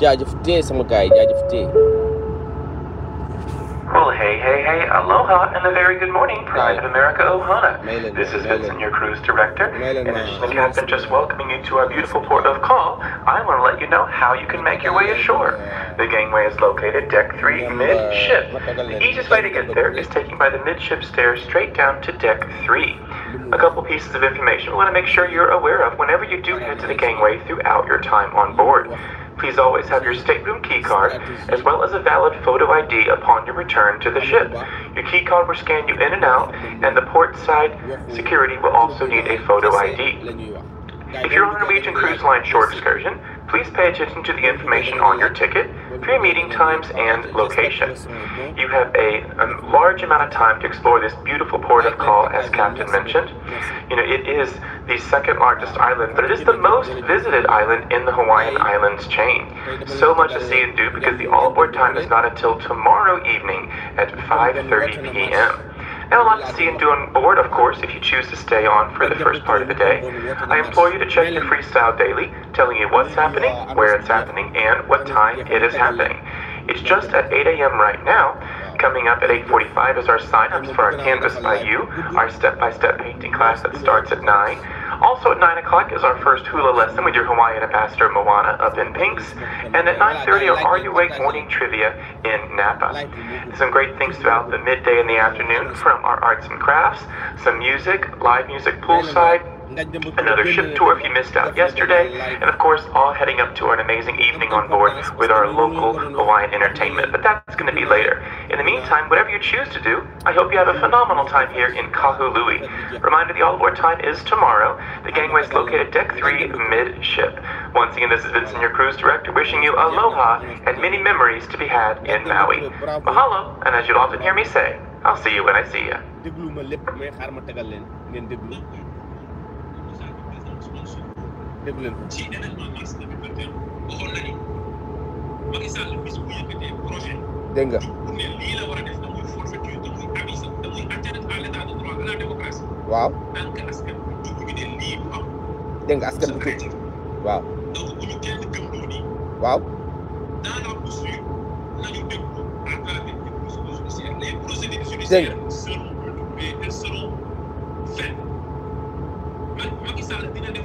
jaajëfatee sama gars yi jaajëfatee. Well, hey, hey, hey, aloha and a very good morning, Pride of America Ohana. Maylin, this is Vincent, your cruise director. and in addition to Captain just welcoming you to our beautiful port of call, I want to let you know how you can make your way ashore. The gangway is located deck 3 midship. The easiest way to get there is taking by the midship stairs straight down to deck 3. A couple pieces of information we want to make sure you're aware of whenever you do head to the gangway throughout your time on board. Please always have your stateroom keycard, as well as a valid photo ID upon your return to the ship. Your keycard will scan you in and out, and the port side security will also need a photo ID. If you're on a Norwegian Cruise Line short excursion, please pay attention to the information on your ticket, pre-meeting times, and location. You have a, a, large amount of time to explore this beautiful port of call, as Captain mentioned. You know, it is the second largest island, but it is the most visited island in the Hawaiian Islands chain. So much to see and do because the all-aboard time is not until tomorrow evening at 5.30 p.m. A lot to see and do on board, of course, if you choose to stay on for the first part of the day. I implore you to check your freestyle daily, telling you what's happening, where it's happening, and what time it is happening. It's just at 8 a.m. right now, Coming up at 8.45 is our sign-ups for our Canvas by You, our step-by-step -step painting class that starts at 9. Also at 9 o'clock is our first hula lesson with your Hawaiian ambassador Moana up in Pinks. And at 9.30 our Are You morning trivia in Napa. Some great things throughout the midday and the afternoon from our arts and crafts, some music, live music poolside, another ship tour if you missed out yesterday, and of course, all heading up to an amazing evening on board with our local Hawaiian entertainment. But that's going to be later. In the meantime, whatever you choose to do, I hope you have a phenomenal time here in Kahului. Reminder the all aboard time is tomorrow. The gangway is located deck 3 midship. Once again, this is Vincent, your cruise director, wishing you aloha and many memories to be had in Maui. Mahalo, and as you'll often hear me say, I'll see you when I see you. déglu leen ko. ci événement mars 2021 waxoon nañu Macky Sall bis bu yëkkatee projet. dégg nga pour ne lii la war a def da muy forfaiture da muy avise da muy atteinte à l' état de droit à la démocratie. waaw tant que askan bi dugg bi ne lii bu am. dégg nga askan bi tuuti waaw. donc bu ñu kenn gëmloo nii. waaw. dans la poursuite nañu déglu à travers les procédures judiciaires les procédures judiciaires seront redoutées et seront faites Macky Sall dina def.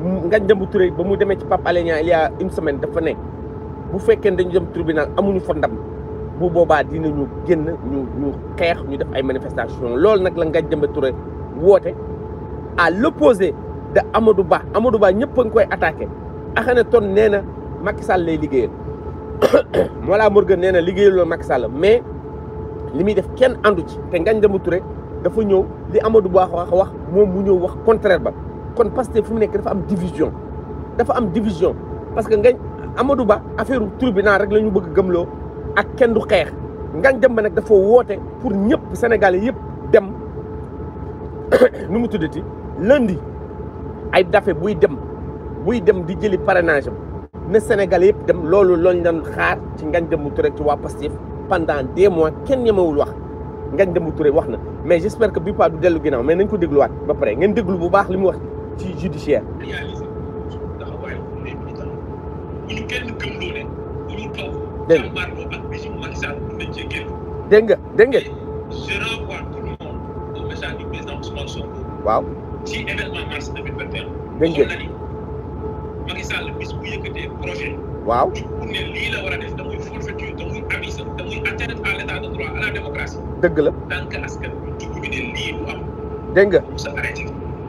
Ngagne Demba Touré ba mu demee ci pap Alé Niang il une semaine dafa ne bu fekkee dañu dem tribunal amuñu fa ndam bu boobaa dinañu génn ñu ñu xeex ñu def ay manifestations loolu nag la dem Demba Touré woote à l'opposé de Amadou Ba Amadou Ba ñëpp a ngi koy attaqué Akhenaton nee na Macky Sall lay liggéeyal Mollah Morgun nee na liggéeyaloo Macky Sall mais li muy def kenn àndu ci te ngañ Demba ture dafa ñëw li Amadou Ba wax wax moom mu ñëw wax contraire ba. kon Pastef fum nek dafa am division dafa am division parce que ngañ Amadou Ba affaire tribunal rek lañu bëgg gëmlo ak kenn du xex ngañ dem nak dafa woté pour ñëpp Sénégalais yëpp dem nu mu tuddati lundi ay dafe buy dem buy dem di jëli parrainage ne Sénégalais yëpp dem loolu lañ doon xaar ci ngañ demu Touré ci wa Pastef pendant des mois kenn ñemewul wax ngañ demu Touré wax na mais j'espère que bi pas du dellu ginaaw mais nañ ko wat ba paré ngeen déglu bu baax limu wax ci judiciaire. dégg nga dégg nga. je renvoie tout le monde au message du président Ousmane Sonko. waaw ci événement mars 2021. dégg nga Macky Sall bis bu yëkkatee projet. waaw pour ne lii la war a def da muy forfaiture da muy avise da muy atteinte à l' état de droit à la démocratie. dëgg la tant que askan bi dugg bi ne lii du am. dégg nga. mu sa arrêté.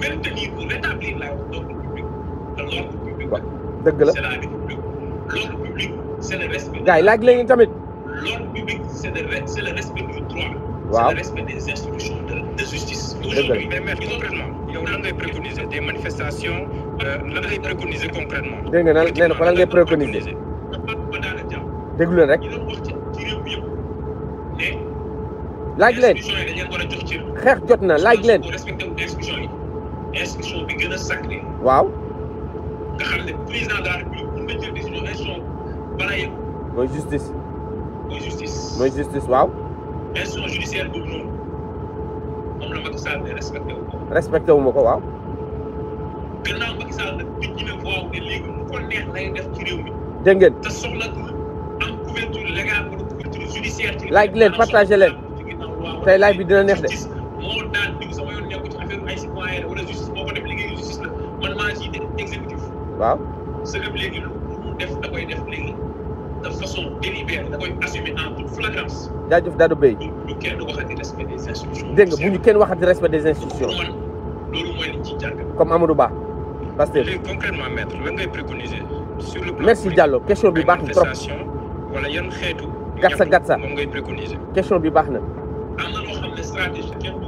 maintenir ou rétablir l'ordre public l'ordre public. c'est la république l'ordre public c'est le respect. gars la l'ordre public c'est le le respect du droit. c'est le respect des institutions de justice. aujourd'hui des manifestations des euh, concrètement. rek. inscription bi gën a sacré. waaw. nga xam ne président de la république pour nga jël décision émission bala yëpp. mooy justice. mooy justice. mooy justice waaw. institution judiciaire boobu noonu moom la Macky Sall respecté wu ko. respecté wu ma ko waaw. gannaaw Macky Sall nag nit ñi ne waaw ne léegi mu ko neex lay def ci réew mi. couverture légale wala couverture judiciaire. ci leen live affaire ay citoyen wala justice boo ko def liggéeyu justice la man maa ci exécutif waaw sëgëm léegi lu mu def da koy def léegi de façon délibérée da koy assumer en toute flagrance jaajëf Dado Bey ñu kenn waxati respect des institutions dégg nga bu ñu kenn waxati respect des institutions man loolu mooy liñ ci jàng comme Amadou Ba Pastef léegi concrètement maître lan ngay préconiser sur le plan merci Diallo question bi baax na trop wala yan xeetu gatsa gatsa moom ngay préconiser question bi baax na am na loo xam ne stratégie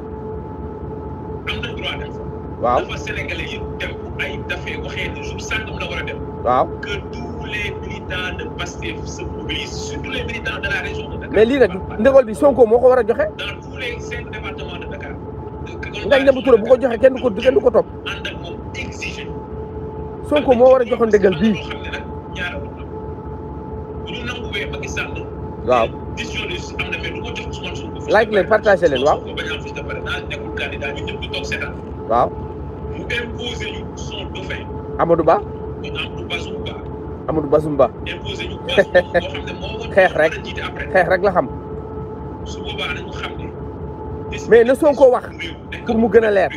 am na waaw que mais lii nag ndëgol bi Sonko moo ko war a joxe. dans tous les cinq départements de Dakar. ko joxe kenn du ko topp. Sonko moo war a joxo dëggal bii. waaw. like leen partagé leen waaw. waaw. Amadou Ba. Amadou Bazumba. xeex rek xeex rek la xam. mais na ko wax pour mu gën a leer.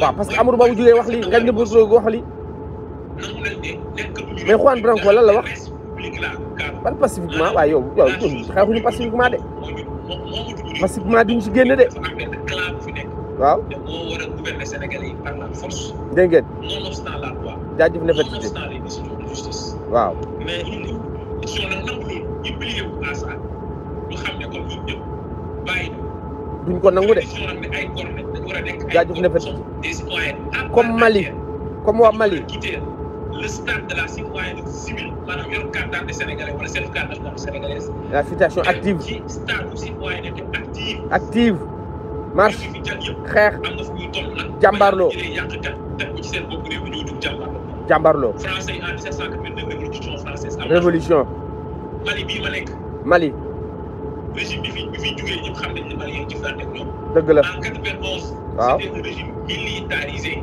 waaw parce que Amadou Ba bu jugee wax lii nga njëkk wax lii. mais Juan Branco lan la wax ban pacifiquement waaye yow waaw ñun xeexuñu pacifiquement de pacifiquement duñ si génn de waaw dégg ngeen jaajëf ne fet waaw duñ ko nangu de jaajëf ne fet comme Mali comme waa Mali le stade de la citoyenne civile la situation active stade active. active marche Jambarlo. français en révolution française. révolution. Mali Mali. régime régime militarisé.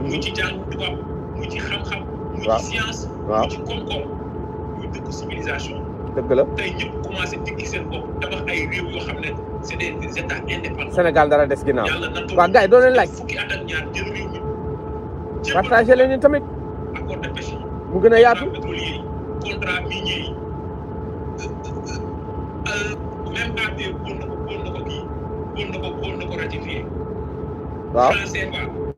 mu ci jàng mm-hmm. tubaab mu ci xam-xam. mu ci science. waaw mu ci koom-koom muy dëkk civilisation. dëgg la tey ñëpp commencé digg seen bopp tabax ay réew yoo xam ne c' est des états indépendants. Sénégal dara des ginnaaw yàlla nattoo waaw gars yi doon leen laaj fukki at ak ñaar jël réew mi. partagé leen ñu tamit. accord de pêche yi. mu gën a yaatu contrat pétrolier yi contrat minier yi. Euh, euh, euh, même APE bon na ko bon na ko kii bon na ko bon na ko ratifié. waaw français waaw.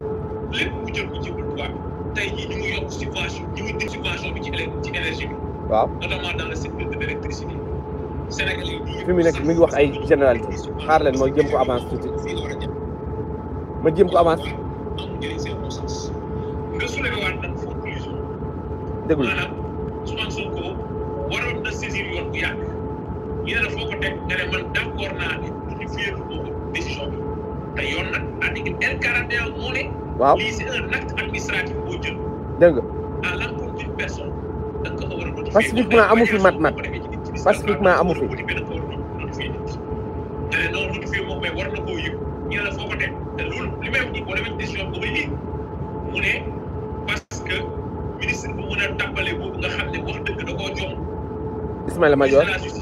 lépp mu jël ko ci bëtuwaat tey jii ñu ngi yokk subvention ñu ngi dim subvention bi ci ci énergie bi waaw notamment dans le secteur de l' électricité Sénégal yi fi mu nekk mi ngi wax ay généralité xaar leen mooy jëm ko avance tuuti ma jëm ko avance nga soulevé waat nag conclusion déglu maanaam Ousmane Sonko waroon na saisir yoon bu yàgg ñu ne la foo ko teg nga ne man d' accord naa ne du ñu fiyeeku ko décision bi te yoon nag article L41 moo ne waaw lii c'est un acte administratif boo jël. dëgg nga. à l'encontre amu fi mat mat pacifiquement amu fi. non notifié que ministre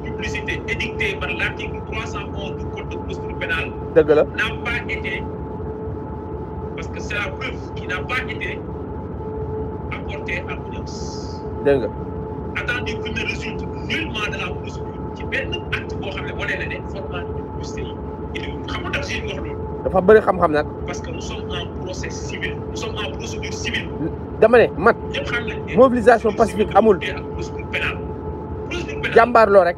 Dicté par l'article 311 du code de procédure pénale n'a pas été, parce que c'est la preuve qui n'a pas été apportée à l'audience. Attendez qu'il ne résulte nullement de la procédure, qui un acte pour le ne de publicité il est vraiment parce que nous sommes en procès civil. nous sommes en procédure civile. dama mat. mobilisation pacifique amoul. procédure pénale. jàmbaarloo rek.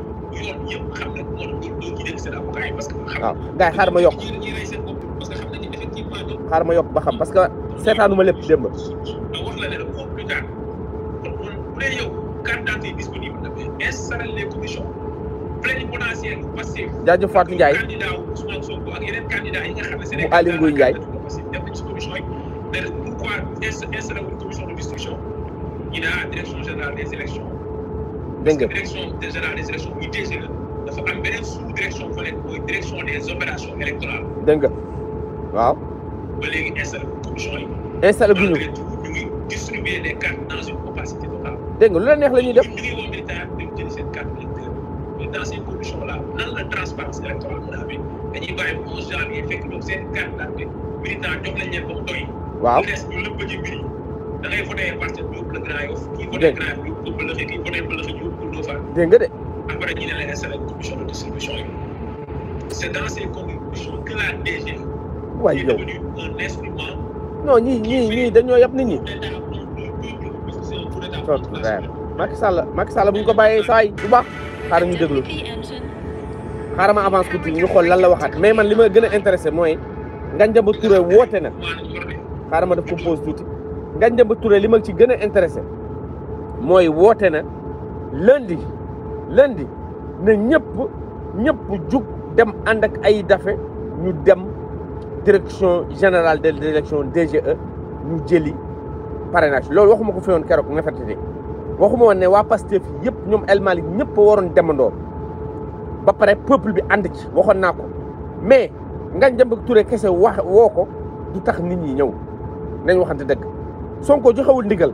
waaw gars yi xaar ma yokk xaar ma yokk ba xam parce que seetaanu ma lépp démb. jaajëf Fatou Ndiaye mu Aly Ngouille Ndiaye. pourquoi installé une commission de distribution il a direction générale des élections dégg nga direction générale direction UDG la e. dafa am beneen sous direction bu fa direction des opérations électorales. dégg waaw. ba léegi installé commission yi. installé bu distribuer les cartes dans une opacité totale. dégg lu la neex la def militaire jëli seen carte mais dans ces conditions là nan la transparence électorale mën a dañuy bàyyi onze janvier fekk ñoom seen carte d' militant jox lañ leen ba mu doy. waaw des ñu lëpp ci mbir da ngay voté dégg nga de. après ñu ne yow est ñii ñii dañoo yab nit ñi. tontu weer Macky Sall Macky Sall ñu ko bàyyee saa yi bu baax xaaral ñu déglu xaaral ma avance tuuti ñu xool lan la waxaat mais man li ma gën a intéressé mooy Ngagne Demba Touré woote na xaaral ma def ko pause tuuti Ngagne Demba Touré li ma ci gën a intéressé mooy woote na. lundi lundi nous ñëpp ñëpp juk dem andak ay ñu direction générale de l'élection DGE ñu jëli parrainage lool waxuma ko feewon nous avons nga waxuma won ne wa Pastef yépp ñom El Malick ñëpp waroon demandoo ba paré peuple bi and ci waxon nako mais Ngagne Demba Touré kessé wax woko du tax nit ñi dëgg Sonko joxewul ndigal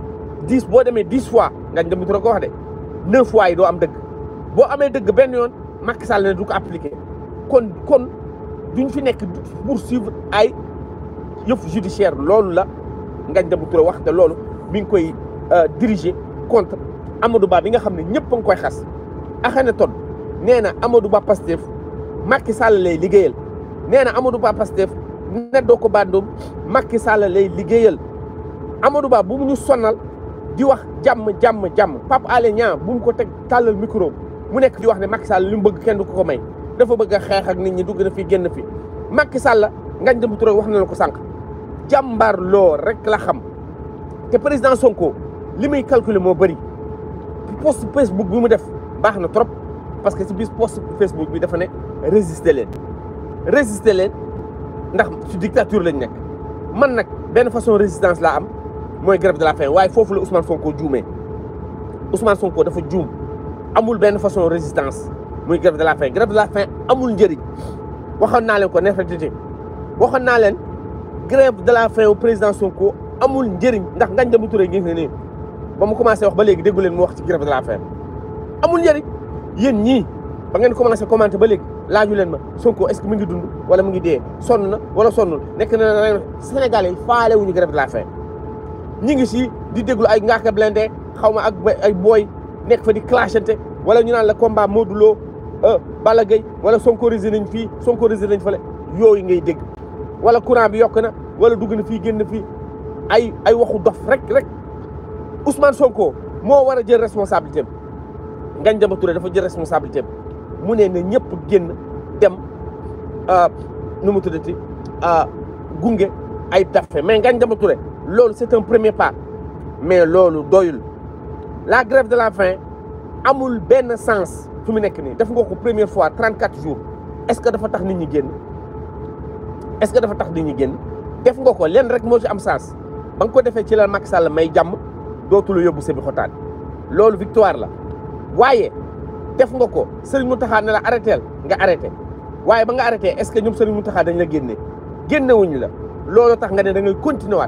dix bo demee dix fois ngañ dem ko wax de neuf fois yi do am deug bo amé deug ben yon Macky Sall ne du ko appliquer kon kon duñ fi nek pour suivre ay yëf judiciaire loolu la ngañ dem Touré wax te loolu mi ngi koy euh, diriger contre Amadou Ba bi nga xam ñepp ñëpp ngi koy xass axana nee na Amadou Ba Pastef Macky Sall lay liggéeyal nee Amadou Ba Pastef ne do ko bandum Macky Sall lay liggéeyal Amadou Ba bu mu ñu sonal di wax jam jam jam pap ale Niang bu mu ko tek talal micro mu nek di wax ne Macky Sall limu bëgg kenn du ko ko may dafa bëgg xex ak nit ñi dugg na fi genn fi Macky Sall ngañ dem Touré wax na la ko sank jambar lo rek la xam te président Sonko limay calculer mo bari post Facebook bu mu def baax na trop parce que ci bis post Facebook bi dafa ne résister len résister len ndax ci dictature lañ nek man nak ben façon résistance la am moy grève de la faim way fofu le Ousmane Sonko juumee Ousmane Sonko dafa djoum amul ben façon résistance moy grève de la faim grève de la faim amul njëriñ waxon na len ko neefetiti waxon na len grève de la faim au président Sonko amul njëriñ ndax ngañ dama turee gis nga nii commencé wax ba légui déggu len mu wax ci grève de la faim amul njëriñ yéen ñi ba ngeen commencé commenter ba légui laaju len ma Sonko est-ce que mu ngi dund wala mu ngi dee sonn wala sonnul nek na Sénégalais faalé wuñu grève de la faim ñi ngi si di déglu ay Ngaaka Blindé xaw ma ak ay booy nekk fa di clashante wala ñu naan la combat Modou Lo euh, Balla Gaye wala sonkorisé nañ fii sonkorisé nañ fale yooyu ngay dégg wala courant bi yokk na wala dugg na fii génn fii ay ay waxu dof rek rek Ousmane Sonko moo war a jël responsabilité am Ngagne Demba dafa jël responsabilité mu ne na ñëpp génn dem euh, nu mu tuddati euh, gunge ay dafe mais Ngagne Demba loolu c'est un premier pas mais loolu doyul la grève de la faim amul benn sens fu nek ni def nga ko première fois 34 jours est-ce que dafa tax nit ñi génn est-ce que dafa tax nit ñi génn def nga ko leen rek mo ci am sens bang ko defé ci la Macky Sall may jàmm dootula yóbbu sebi xotaan loolu victoire la waaye def nga ko Serigne Mountakha ne la arrêteel nga arrêté waaye ba nga arrêté est-ce que ñum Serigne Mountakha dañ la génne wuñ la loolu tax nga né da ngay continuer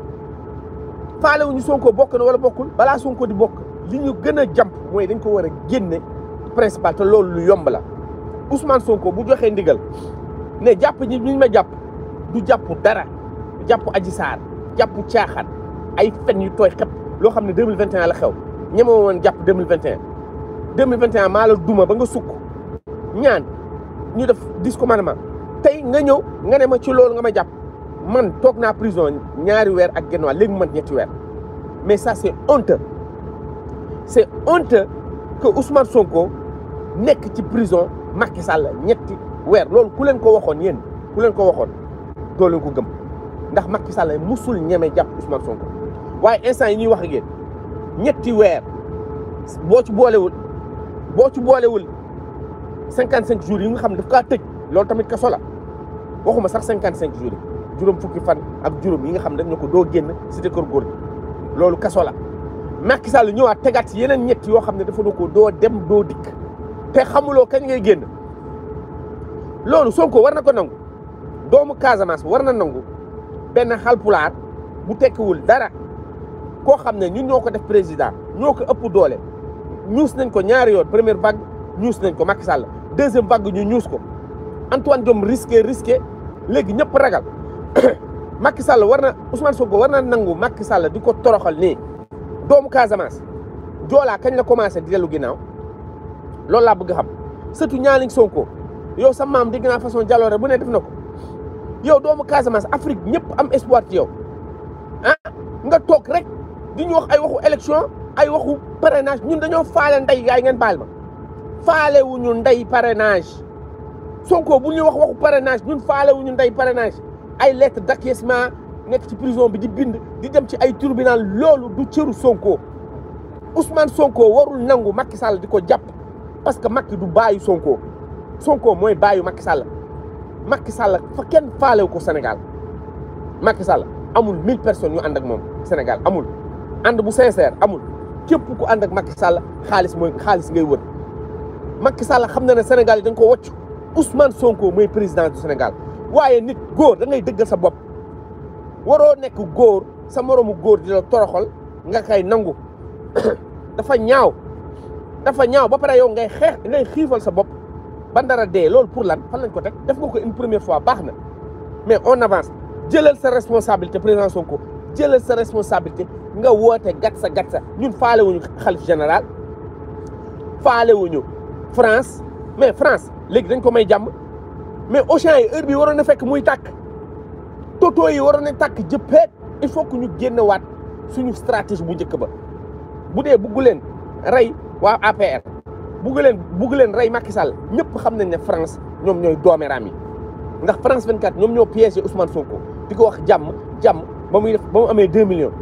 faale wuñu Sonko bokk na wala bokkul balaa Sonko di bokk li ñu gën a jàpp mooy dañ ko war a génne principal te loolu lu yomb la Ousmane Sonko bu joxee ndigal ne jàpp ñi ñu ma jàpp du jàpp dara jàpp Adji Sarr jàpp caaxaan ay fen yu tooy xepp loo xam ne 2021 la xew ñeme woon jàpp 2021 2021 maa la duma ba nga sukk ñaan ñu def discommandement tey nga ñëw nga ne ma ci loolu nga ma jàpp man tok na prison ñaari weer ak genn waa man ñetti weer mais ça c'est est honteux c' honteux que Ousmane Sonko nek ci prison Macky Sall ñetti weer lool ku len ko waxone yéen ku len ko waxone do len ko gëm ndax Macky Sall musul ñeme japp Ousmane Sonko waye instant yi ñuy wax ak yéen ñetti weer bo ci bolé wul bo ci bolé wul 55 jours yi nga xam dafa kaa tëj loolu tamit kasso la waxuma sax 55 jours juróom fukki fan ak juróom yi nga xam ne dañu ko doo génn cité kër góor gi loolu kaso la Macky Sall ñëwaat tegaat si yeneen ñett yoo xam ne dafa na ko doo dem doo dikk te xamuloo kañ ngay génn loolu soo ko war na ko nangu doomu Casamance war na nangu benn xalpulaar bu tekkiwul dara koo xam ne ñun ñoo ko def président ñoo ko ëpp doole ñuus nañ ko ñaari yoon première vague ñuus nañ ko Macky Sall deuxième vague ñu ñuus ko Antoine Diome risqué risqué léegi ñëpp ragal Macky Sall war na Ousmane Sonko war na nangu Macky Sall di ko toroxal nii doomu Casamance joolaa kañ la commencé di dellu ginnaaw loolu laa bëgg xam surtout ñaaling Sonko yow sa maam dégg naa façon jaloore bu ne def na ko yow doomu Casamance Afrique ñëpp am espoir ci yow ah nga toog rek di ñu wax ay waxu élection ay waxu parrainage ñun dañoo faale ndey yaay ngeen baal ma faale wu ñu ndey parrainage Sonko bu ñuy wax waxu parrainage ñun faale wu ñu ndey parrainage. ay lettre d'acquiescement nekk ci prison bi di bind di dem ci ay tribunal loolu du cëru Sonko Ousmane Sonko warul nangu Macky Sall o ko jàpp parce que Macky du baayu Sonko Sonko mooy baayu Macky Sall Macky Sall fa kenn faalew ko Sénégal Macky Sall amul mille personnes yu ànd ak moom Sénégal amul ànd bu sincère amul képp ku ànd ak Macky Sall xaalis mooy xaalis ngay wër Macky Sall xam na ne Senegal dañ ko wocc Ousmane Sonko mooy président du senegal waaye nit góor dangay ngay dëggal sa bopp waroo nekk góor sa moroomu góor di la toroxal nga kay nangu dafa ñaaw dafa ñaaw ba pare yow ngay xeex ngay xiifal sa bopp ba ndara dee loolu pour lan fan lañ ko teg def nga ko une première fois baax na mais on avance jëlal sa responsabilité président Sonko jëlal sa responsabilité nga woote gatsa gatsa ñun faalewuñu xalif général wuñu France mais France léegi dañ ko may jàmm mais Auchan yi heure bi waroon na fekk muy tàkk toto yi waroon na tàkk il faut que ñu génnewaat suñu stratégie bu njëkk ba bu dee bugg leen rey APR bugg leen Ray, leen rey Macky Sall ne France nous ñooy doomeeraam yi ndax France 24 ñoom ñoo piégé Ousmane Sonko di ko wax jàmm jàmm ba muy def ba 2 millions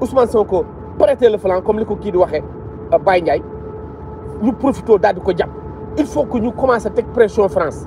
Ousmane Sonko prêté le flanc comme li ko kii di waxee euh, Baye Ndiaye ñu profité daal di ko il faut que ñu à faire pression France.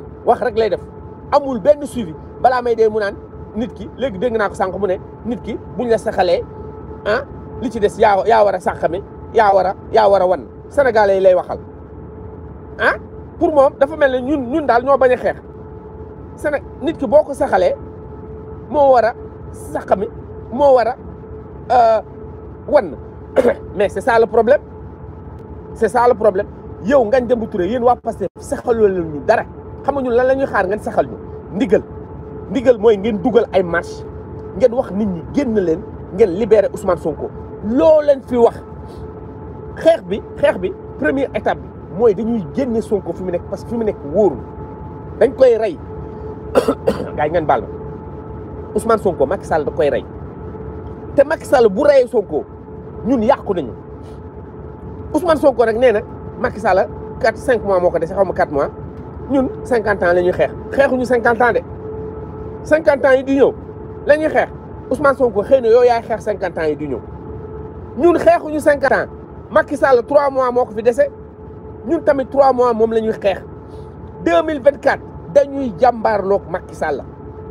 wax rek lay def amul benn suivi balaa may dee mu naan nit ki léegi dégg naa ko sànq mu ne nit ki ñu la saxalee ah li ci des yaa yaa war a sàqame yaa war a yaa war a wan sénégalais yi lay waxal ah pour moom dafa mel ne ñun ñun daal ñoo bañ a xeex séné nit ki boo ko saxalee moo war a sàqame moo war a euh, wan mais c'est ça le problème c'est ça le problème yow dem bu ture yéen waa Pastef saxaloo leen ñu dara xamuñu lan la ñuy xaar ngeen saxal ñu ndigal ndigal mooy ngeen dugal ay marche ngeen wax nit ñi génn leen ngeen libere Ousmane Sonko loo leen fi wax xeex bi xeex bi première étape bi mooy dañuy génne Sonko fi mu nekk parce que fi mu nekk wóorul dañ koy rey gars yi ngeen baal ma Ousmane Sonko Macky Sall da koy rey te Macky Sall bu reyee Sonko ñun yàqu nañu Ousmane Sonko rek nee na Macky Sall quatre cinq mois moo ko dese xaw ma quatre mois. ñun 50 ans la xex 50 ans de 50 ans yi du Ousmane 50 ans yi sommes 50 ans Macky Sall 3 mois moko fi déssé ñun tamit 3 mois mom xex 2024 nous lok Macky Sall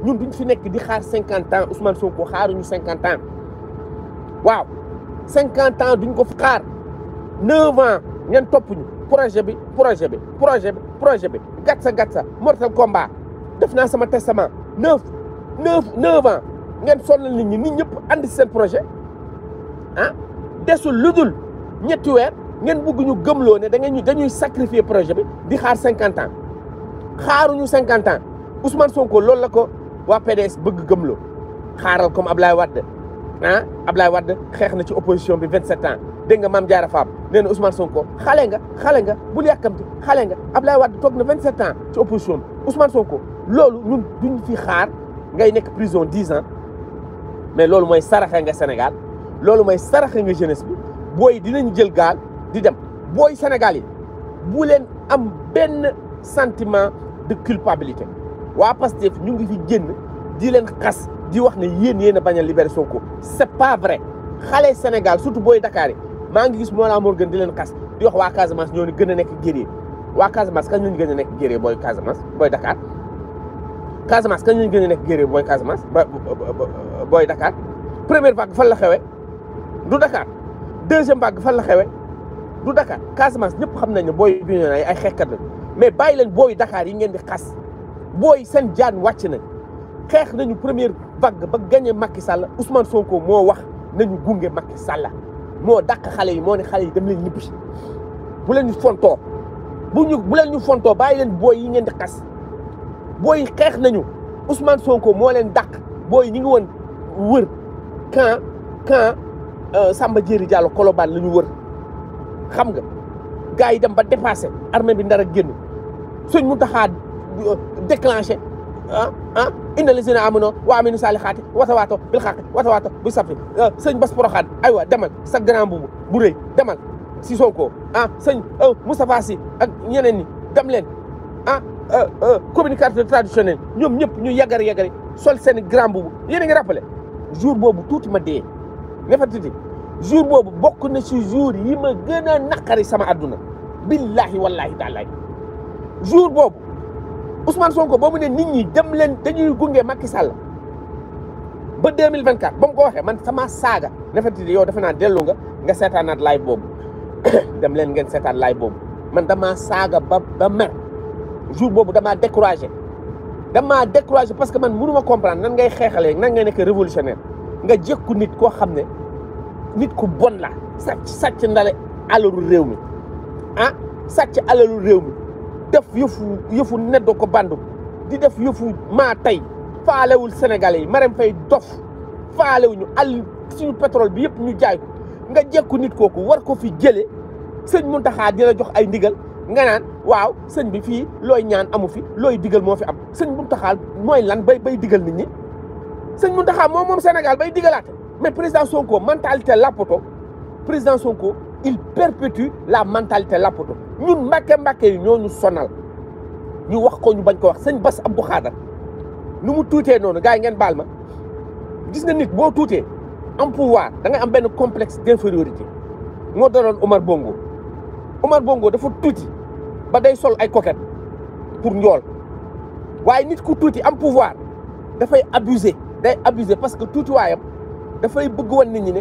ñun duñ fi di xaar 50 ans Ousmane Sonko 50 ans waaw 50 ans duñ ko xaar 9 ans ñen topuñu projet bi projet bi projet bi projet bi gatsa gatsa mortal combat def naa sama testament neuf neuf neuf ans ngeen sonal nit ñi nit ñëpp andi seen projet ah desul ludul ñetti weer ngeen bugg ñu gëmloo ne da ngeen ñu dañuy sacrifier projet bi di xaar cinquante ans xaaruñu cinquante ans Ousmane Sonko loolu la ko waa PDS bëgg gëmloo xaaral comme ab Ablaye Wade ah Ablaye wadd xeex na ci opposition bi vingt sept ans dégg nga maam jaara faam nee na Ousmane Sonko xale nga xale nga bul yàkkamti xale nga Abdoulaye Wade toog na 27 ans ci opposition Ousmane Sonko loolu ñun duñ fi xaar ngay nekk prison 10 ans mais loolu mooy saraxe nga Sénégal loolu mooy saraxe nga jeunesse bi booy dinañ jël gaal di dem booy Sénégal yi bu leen am benn sentiment de culpabilité waa Pastef ñu ngi fi génn di leen xas di wax ne yéen yéen a bañ a libéré Sonko c'est pas vrai xale Sénégal surtout booy Dakar yi maa ngi gis Mollah Morgun di len xas di wax wa Casamance ñoo ni gën a nekk guerrier waa Casamance kañ ñu gëna nek nekk guerrier booy Casamance boy Dakar Casamance kañ ñu gëna nek nekk guerrier booy Casamance boy Dakar première vague fa la xewé du Dakar deuxième vague fa la xewé du Dakar Casamance ñep xam nañ ne bi ñu ay xeexkat mais bàyyi len boy Dakar yi ngeen di xas boy seen jaan wacc na xeex nañu première vague ba gagner Macky Sall Ousmane Sonko mo wax nañu gungé Macky Sall. moo dàq xale yi moo ne xale yi dem leen ñibbi bu leen ñu fontoo bu ñu bu leen ñu fontoo bàyyi leen booy yi ngeen di xas booy xeex nañu Ousmane Sonko moo leen daq booy ñu ngi woon wër quand euh, quand Samba Diéry Diallo Colobane la ñu wër xam nga gars yi dem ba dépassé armée bi ndara génn suñ mu taxaa euh, déclenché ah ah inna lazina amano wa aminu salihati watawaato bil xaqi watawaato bi sabri sëñ bas poroxaan aywa demal sa grand bubu bu rëy demal si Sonko ah sëñ Moustapha Sy ak ñeneen ñi dem leen ah communicateur traditionnel ñoom ñëpp ñu yàggari yàggari sol seen grand bubu yéen a ngi rappelé jour boobu tuuti ma dee nefa tuuti jour boobu bokk na si jour yi ma gën a naqari sama àdduna billahi wallahi taalaay jour boobu Ousmane Sonko boo mu ne nit ñi dem leen dañuy gunge Macky Sall ba 2024 ba mu ko waxee man sama saaga nefati yow defe naa dellu nga nga seetaanaat laay boobu dem leen ngeen seetaan laay boobu man damaa saaga ba ba mer jour boobu damaa découragé damaa découragé parce que man mënu ma comprendre nan ngay xeexalee nan ngay nekk révolutionnaire nga jëkku nit koo xam ne nit ku bon la sàcc sàcc ndale alalu réew mi ah sàcc alalu réew mi def yëfu yëfu neddo ko bandu di def yëfu maa tey faalewul Sénégalais yi Marème Faye dof faalewuñu àll suñu pétrole bi yëpp ñu jaay ko nga jekku nit kooku war ko fi jëlee sëñ Muntaxa dina jox ay ndigal nga naan waaw sëñ bi fii looy ñaan amu fi looy digal moo fi am sëñ Muntaxa mooy lan bay bay digal nit ñi sëñ Muntaxa moo moom Sénégal bay digalaate mais président Sonko mentalité làppato président Sonko il perpétue la mentalité de pour Nous, sommes yi nous sonal ñu wax ko ñu bañ ko wax sëñ Bass Abdou Khadre Nous, mu tuutee nous gars ngeen gis nit pouvoir da avons un complexe d'infériorité Omar Bongo Omar Bongo ba day sol ay coquette pour nous, nit ku en pouvoir faut abuser day abuser parce que tout bëgg nit ne.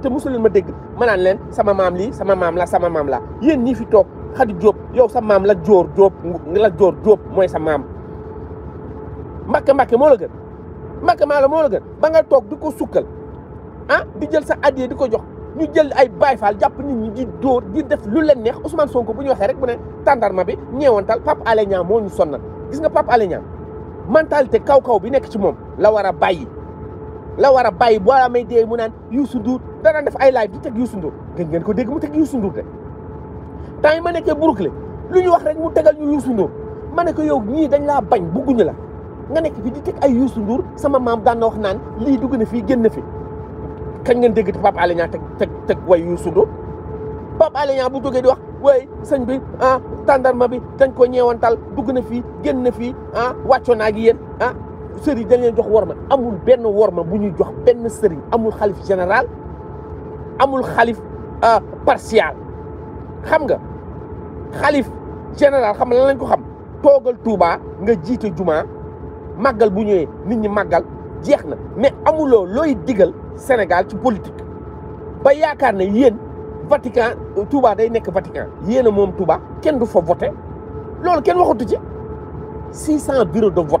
te mosu leen ma dégg ma naan leen sama maam lii sama maam la sama maam la yéen ñii fi toog Khady jóob yow sa maam la jóor Diop la Dior mooy sa maam Mbacke Mbacke moo la gën Mbacke maa la moo la gën ba nga toog di ko sukkal ah di jël sa addiya di ko jox ñu jël ay Baay Faal jàpp nit ñi di dóor di def lu leen neex Ousmane Sonko bu ñu waxee rek bu ne tàndarma bi ñeewantal Pape Alé Niang moo ñu sonnal gis nga Pape Alé Niang mentalité kaw-kaw bi nekk ci moom la war a bàyyi. la war a bàyyi boo amee dee mu naan Youssou Ndour danaan def ay live di teg Youssou Ndour gën ngeen ko dégg mu teg Youssou Ndour de temps yi ma nekkee Brooklyn lu ñu wax rek mu tegal ñu Youssou Ndour ma ne ko yow ñii dañ laa bañ bugguñu la nga nekk fi di teg ay Youssou Ndour sama maam daan wax naan lii dugg na fii génn fi kañ ngeen dégg te Pape Alé Niang teg teg teg way Youssou Ndour Pape Alé Niang bu jógee di wax way sëñ bi ah tàndarma bi dañ ko ñeewantal dugg na fii génn na fii ah wàccoo naa gi yéen ah. sëriñ dañ leen jox worma amul benn worma bu ñuy jox benn sëriñ amul xalif général amul xalif euh, partial xam nga xalif général xam na lan lañ ko xam toogal Touba nga jiite juma màggal bu ñëwee nit ñi màggal jeex na mais amuloo looy digal Sénégal ci politique ba yaakaar ne yéen Vatican Touba day nekk Vatican yéen a moom Touba kenn du fa voté loolu kenn waxatu ci 600 bureaux de vote.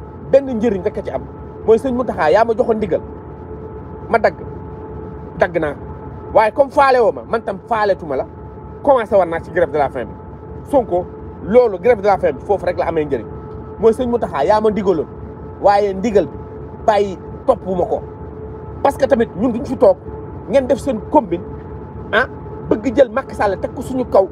benn njëriñ rek a ci am mooy sëñ mu Mountakha yaa ma joxoon ndigal ma dagg dagg naa waaye comme faale woo ma man tam faaleetuma la commencé war naa ci grève de la faim bi Sonko loolu grève de la faim bi foofu rek la amee njëriñ mooy sëñ mu Mountakha yaa ma ndigaloon waaye ndigal bi bàyyi toppuma ko parce que tamit ñun duñ fi toog ngeen def seen combine ah bëgg jël makk Sall teg ko suñu kaw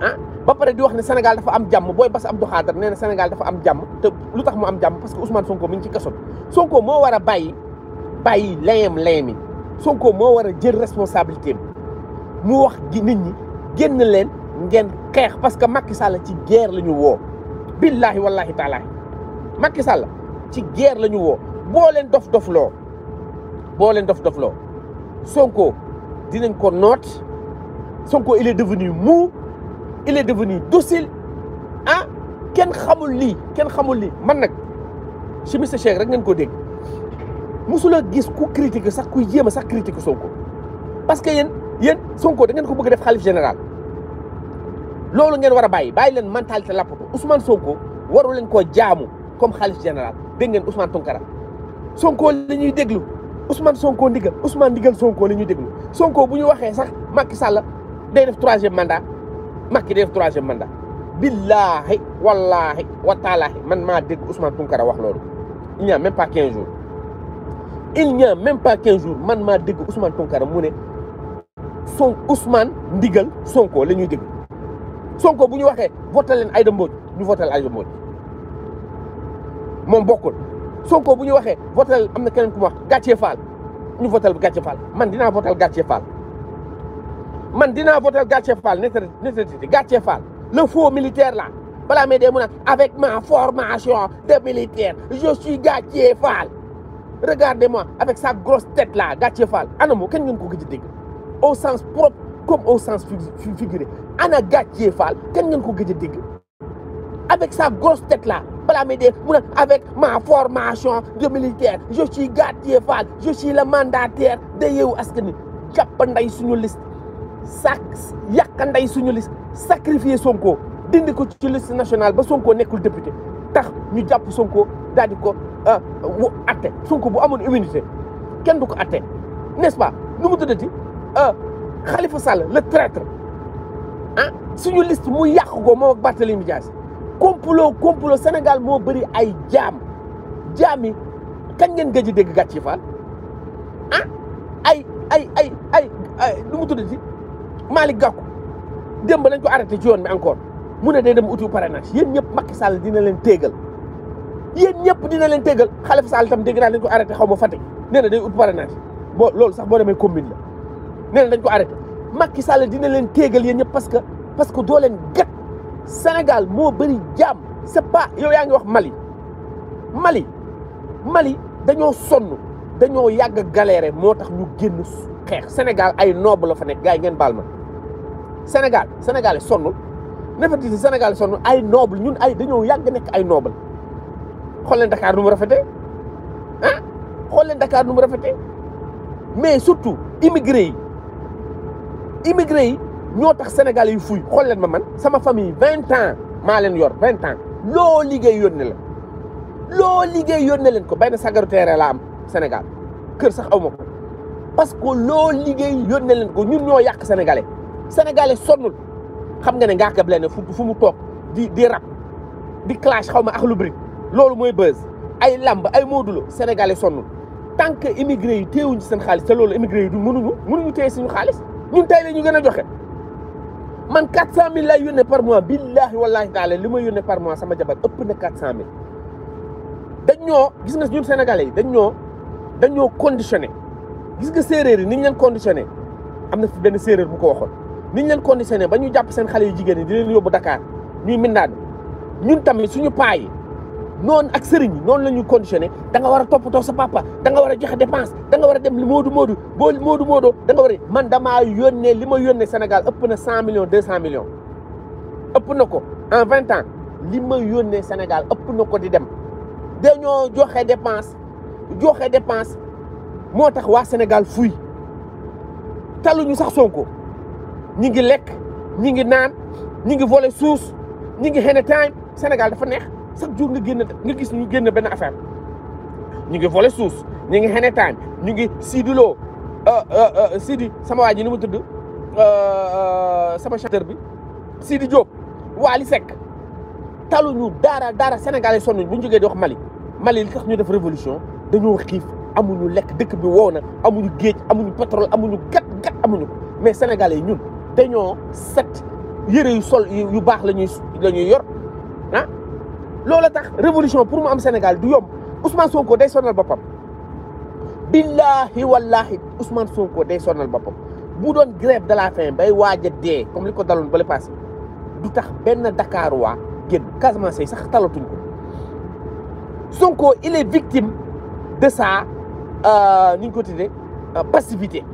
ah ba pare di wax ne Sénégal dafa am jàmm booy Bass Abdou Khadre nee na Sénégal dafa am jàmm te lu tax mu am jàmm parce que Ousmane Sonko mi ngi ci kaso bi Sonko moo war a bàyyi bàyyi layam layam yi Sonko moo war a jël responsabilité mu wax gi nit ñi génn leen ngeen xeex parce que makki Sall ci guerre la ñu woo billaahi wallaahi taalaahi makki Sall ci guerre lañu woo boo leen dof dof loo boo leen dof dof loo Sonko dinañ ko noot Sonko il est devenu il est devenu docile ah ken xamul qu'il kenn xamul Je man nag ci Mister ne rek ngeen ko critique Sonko parce que y'en y'en Sonko ngeen ko général Vous ngeen laisser Baye mentalité Ousmane Sonko waru leen koo jaamu comme Khalif général ngeen Ousmane Tonkara. Sonko Ousmane Sonko Ousmane Sonko ñuy Sonko troisième mandat. Macky def troisième mandat wallahi wa wataalaahi man ma deg Ousmane Tunkara wax lolu il n'y a même pas 15 jours il n'y a même pas 15 jours man ma deg Ousmane Tunkara mu son Ousmane ndigal Sonko la deg Sonko buñu waxé waxee len leen Aïda Mbodj ñu voté Aïda Mbodj mom bokul Sonko buñu waxé waxee amna am keneen ku wax Gàccee Fall ñu voté Gàccee Fall man dina voté Gàccee Fall man dina voter Gathie Fall nécessité Fall le faux militaire là Voilà may avec ma formation de militaire je suis Gatchefal. Fall regardez-moi avec sa grosse tête là Gatchefal, Fall ana moo kenn ngeen ko gëj au sens propre comme au sens figuré ana Gathie Fall kenn ngeen ko peut dire avec sa grosse tête là avec ma formation de militaire je suis Gatchefal, Fall je suis le mandataire de Yewwi Askani. Wi jàpp nday suñu liste sac yàq suñu list sacrifier Sonko dindi ko ci liste national ba Sonko nekkul député tax ñu jàpp Sonko daal di ko wu euh, atte bu amoon immunité kenn du ko atte n'est-ce pas nu mu tuddati euh, Khalifa Sall la traître ah suñu list mu yàq ko moom ak Barthélémy Dias complot complot Sénégal moo bari ay jaam jaam yi kañ ngeen gëj a dégg gàcce faal ah ay ay ay ay nu mu tuddati Malick Gakou démb nañ ko arrêté ci yoon bi encore mu ne dee dem utu parrainage yéen ñëpp Macky Sall dina leen téegal yéen ñëpp dina leen téegal Khalifa Sall tam dégg naa dañ ko arrêté xaw ma Fatick nee na day ut parrainage boo loolu sax boo demee commune la na dañ ko arrêté Macky Sall dina leen téegal yéen ñëpp parce que parce que doo leen gat Sénégal moo bëri jàmm c'est pas yow yaa ngi wax Mali Mali Mali dañoo sonn dañoo yàgg galéré moo tax ñu génn xeex Sénégal ay noble la fa nekk gars yi ngeen baal ma Sénégal Sénégal sonnul Néfertiti Sénégal sonnul ay noble ñun ay de yàgg nekk ay noble xool leen Dakar nu mu Hein? ah xool Dakar nu mu mais surtout immigré immigré yi ñoo tax sénégalais yu fuy xool ma man sama famille vingt ans maa yor vingt ans Lo liggéey yonne. la lo liggéey yónnee leen ko bay na sagaru teere la am Sénégal kër sax aw parce que lo liggéey yonne, l'en, ko ñun ñoo yàq sénégalais. sénégalais sonnul xam nga ne Ngaaka Blindé fu mu toog di di rap di clash xaw ma ak lu bëri loolu mooy buzz ay lamb ay moodulo sénégalais sonnul tant que immigré yi téewuñu seen xaalis te loolu immigré yi du mënuñu mënuñu téye suñu xaalis ñun tey la ñu gën a joxe man 400000 lay yónnee par mois billahi wallahi taala li may yónnee par mois sama jabar ëpp na 400000 dañ ñoo gis nga ñun sénégalais yi dañ ñoo dañ ñoo conditionné gis nga séeréer yi ni leen conditionné am na fi benn séeréer bu ko waxoon. niñ leen conditionné ba ñu jàpp seen xale yu jigéen ñi di leen yóbbu Dakar ñuy mindaan ñun tamit suñu paa yi noonu ak sëriñ yi noonu la ñu conditionné da nga war a toppatoo sa papa da nga war a joxe dépense danga war a dem li moodu moodu boo moodu moodo da nga war a man damaa yónnee li ma yónnee Sénégal ëpp na cent millions deux cent millions ëpp na ko en vingt ans li ma yónnee Sénégal ëpp na ko di dem dañoo joxe dépense joxe dépense moo tax waa Sénégal fuy taluñu sax Sonko ñu ngi lekk ñu ngi naan ñu ngi voler suus ñi ngi xene time Sénégal dafa neex chaque jour nga génn nga gis ñu génn benn affaire ñu ngi voler suus ñu ngi xene time ñu ngi siidiloo euh, euh, euh, Sidi sama waa ji ni mu tudd sama chanteur bi Sidi Diop Waly Seck taluñu daara daara Sénégal yi bu ñu jógee di wax Mali Mali li tax ñu def révolution dañoo xiif amuñu lekk dëkk bi wow na amuñu géej amuñu pétrole amuñu gat gat amuñu ko mais Sénégalais yi ñun dañoo set yëre yu sol yu baax la ñuy la yor ah loola tax révolution pour mu am Sénégal du yomb Ousmane Sonko day sonal boppam billaahi wallaahi Ousmane Sonko day sonal boppam bu doon grève de la faim bay waaj a dee comme li ko daloon ba le passé du tax benn Dakar waa génn Casamance yi sax talatuñ ko Sonko il est victime de sa euh, ni ñu ko tuddee euh, passivité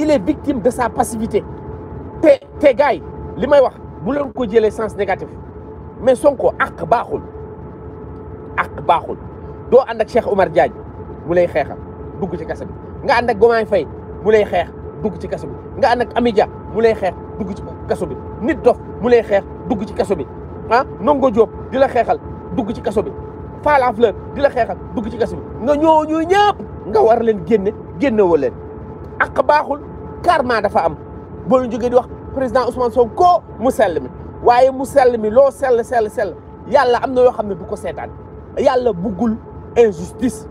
il est victime de sa passivité te te gars yi li may wax bu leen ko jëlee sens négatif mais ko ak baaxul ak baaxul do and ak Cheikh Omar Diagne mu lay xeexal dugg ci kaso bi nga and ak Gomaay fay mu lay xeex dugg ci kaso bi nga and ak Amidia mu lay xeex dugg ci kaso bi nit dof mu lay xeex dugg ci kaso bi han ah, Nongo Diop dila la dugg ci kaso bi Fala Fleur dila la dugg ci kaso bi nga ñooñu ñepp nga war leen génne génne leen ak baaxul karma dafa am boo leen jógee di wax président Ousmane ko mu sell mi waaye mu sell mi loo sell sell sell yàlla am na yoo xam ne bu ko seetaan yàlla buggul injustice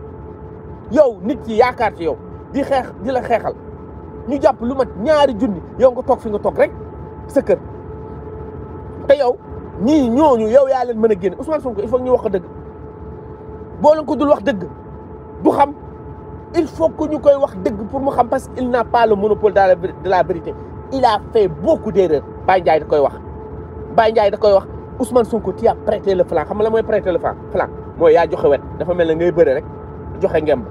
yow nit yi yaakaar ci yow di xeex di la xeexal ñu jàpp lu mat ñaari junni yow nga toog fi nga toog rek sa kër te yow ñii ñooñu yow yaa leen mën a génne Ousmane Sonko il faut ñu wax ko dëgg boo leen ko dul wax dëgg du xam. il faut que ñu koy wax pour mu xam parce qu'il n'a pas le monopole de la de la vérité il a fait beaucoup d'erreurs Baye Ndiaye da koy wax Baye da koy wax Ousmane Sonko tu as prêté le flanc xam la mooy prêté le flanc Moi, il y joxe wet dafa mel ne ngay bëre rek joxe ngemb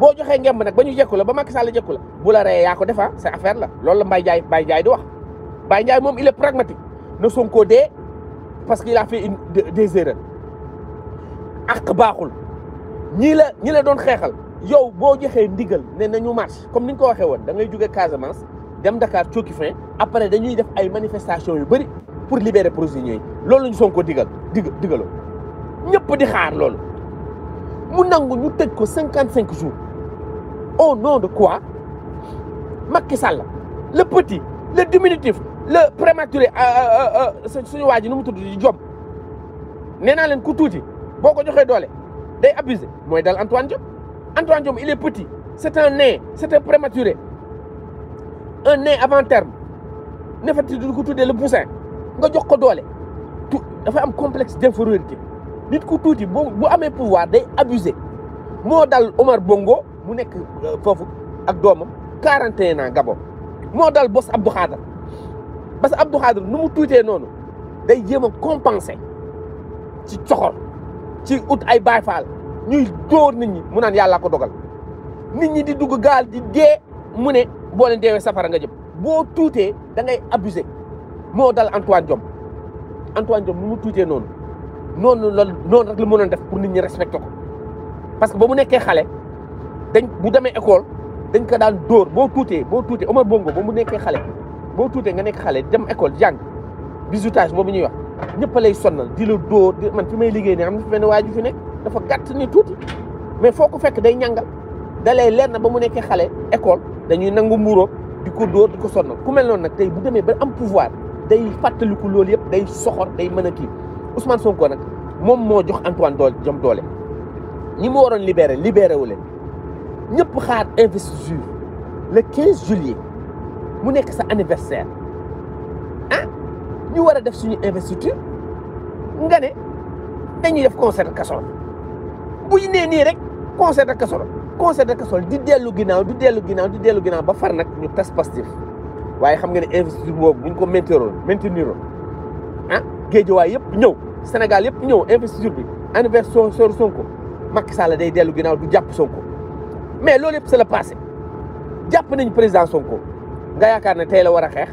boo joxee ngemb nag ba ñu jekku la ba Macky Sall jekku la bu la reyee yaa ko defa ah, c'est affaire là. loolu la Baye Ndiaye Baye Ndiaye di wax Baye il est pragmatique Nous Sonko codés parce qu'il a fait une des erreurs ak baaxul ñii la ñi la doon xeexal yow boo joxee ndigal ne nañu marche comme ni nga ko waxee da ngay jóge Casamance dem Dakar fin après dañuy def ay manifestation yu bëri pour libérer prisonniers yi loolu lañu Sonko digal dit. digaloo ñëpp di xaar loolu mu nangu ñu ko 55 jours au nom de quoi Macky le petit le diminutif le prématuré euh, euh, euh, suñu waa ji nu mu tudd di nee naa leen ku tuuti boo ko joxee day abusé dal Antoine Diop Antoine Diom il est petit. C'est un nez, C'est un prématuré. Un nez avant terme. Ne fait du Il le poussin. nga jox ko doole. tu fait un complexe d'infériorité. nit ko bu bu pouvoir day abuser. Mo dal Omar Bongo mu nek euh, fofu ak 41 ans Gabon Mo dal Boss Abdou parce Abdou il compenser ci ci ñuy dóor nit ñi mu naan yàlla ko dogal nit ñi di dugg gaal di dee mu ne boo leen deewee safara nga jëm boo tuutee dangay ngay moo dal Antoine jom Antoine Diome nu mu tuutee noonu noonu loolu noonu rek la mënoon def pour nit ñi respecté ko parce que ba mu nekkee xale dañ bu demee école dañ ko daan dóor boo tuutee boo tuutee Omar Bongo ba mu nekkee xale boo tuutee nga nekk xale dem école jàng bizutage boobu ñuy wax ñëpp lay sonnal di la dóor di man fi may ne fi fi nekk ni mais foo ko fekk day ñàngal dalay leer na ba mu nekkee xale école dañuy nangu di di sonnal ku mel noonu nag tey bu demee ba am pouvoir day fàttaliku loolu yëpp day soxor day a Ousmane Sonko nag moom Antoine doole jom doole ñi mu waroon libéré libéré wu le 15 juillet mu nekk sa anniversaire ah! ñu war a def suñu investiture nga ne dañuy def concert de casserole bu ñu nee nii rek concert de casserole concert de casserole di dellu ginnaaw di dellu ginnaaw di dellu ginnaaw ba far nag ñu tas waaye xam nga ne investiture boobu bu ñu ko ah géejewaay yëpp ñëw Sénégal yëpp ñëw investiture bi anniversaire Sonko Macky Sall day dellu ginnaaw du jàpp Sonko mais loolu yëpp c'est le passé jàpp nañu président Sonko nga yaakaar ne tey la war a xeex.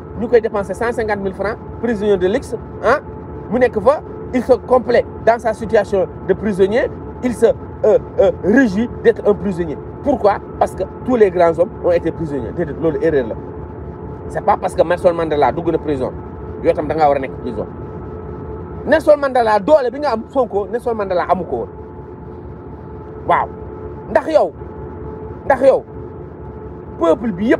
ñu koy dépensé 150 000 francs prisonnier de luxe ah, il se complète dans sa situation de prisonnier il se euh, euh, régit d'être un prisonnier pourquoi parce que tous les grands hommes ont été prisonniers c'est pas parce que Nelson Mandela dugg na prison Il da a prison Nelson Mandela doole bi nga am fonko Nelson Mandela amuko ko waaw ndax yow ndax yow peuple bi yépp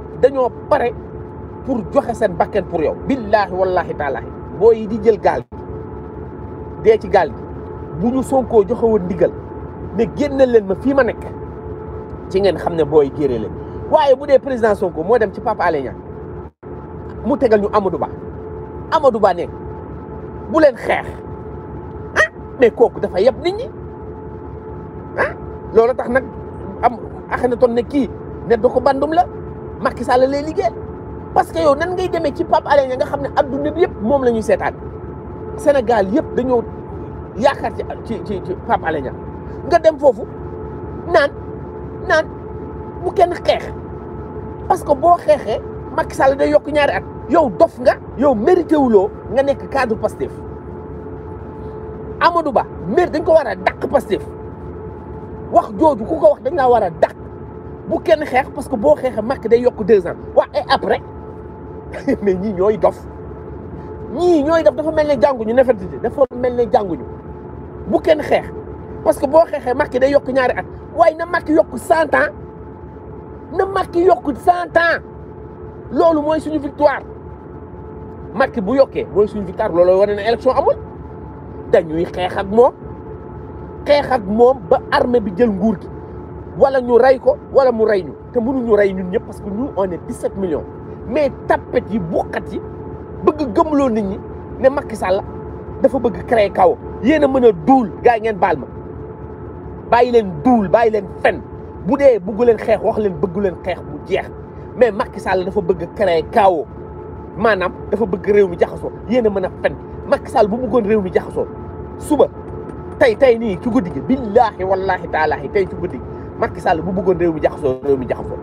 pour joxe seen bakken pour yow billaahi wallaahi taalaahi boo yi di jël gaal gi dee ci gaal gi bu ñu sonkoo joxewoon woon ndigal ne génneel leen ma fii ma nekk ci ngeen xam ne booy géere leen waaye bu dee président Sonko moo dem ci Pape Alé Niang mu tegal ñu Amadou Ba Amadou Ba ne bu leen xeex ah mais kooku dafa yeb nit ñi ah loolu tax nag am axana toon ne kii ne da ko bandum la Macky Sall lay liggéeyal parce que yow nan ngay demee ci Pape Alé Niang nga xam ne adduna bi yëpp moom la seetaan Sénégal yëpp dañoo yaakaar ci ci ci Pape Alé Niang nga dem foofu naan naan bu kenn xeex parce que boo xeexee Macky Sall day yokk ñaari at yow dof nga yow mérité wuloo nga nekk cadre Pastef Amadou Ba maire dañ ko war a dàq Pastef wax jooju ku ko wax dañ laa war a dàq bu kenn xeex parce que boo xeexee Macky day yokk deux ans waa et mais ni ñoy dof ñii ñoy dof dafa nous ne nous. dafa Nous ne ñu bu kenn parce que nous xexé Macky day yok ñaari at way na Macky yok 100 ans na yok 100 ans lolu moy suñu victoire Macky bu yoké suñu victoire lolu wone élection amul dañuy xex ak Nous xex ak mom ba armée bi jël nguur wala ñu ray ko wala mu ray ñu te ñu ray ñun ñëpp parce que nous on est 17 millions. mais tappet yi buqat yi bëgg gëmloo nit ñi ne Macky Sall dafa bëgg créer kaw yéen a mën a duul gars yi ngeen baal ma bàyyi leen duul bàyyi leen fen bu dee bëggu leen xeex wax leen bëggu leen xeex bu jeex mais Macky Sall dafa bëgg créer kaw maanaam dafa bëgg réew mi jaxasoo yéen a mën a fen Macky Sall bu bëggoon réew mi jaxasoo suba tey tey nii ci guddi gi billaahi wallaahi taalaahi tey ci guddi gi Macky Sall bu bëggoon réew mi jaxasoo réew mi jaxasoo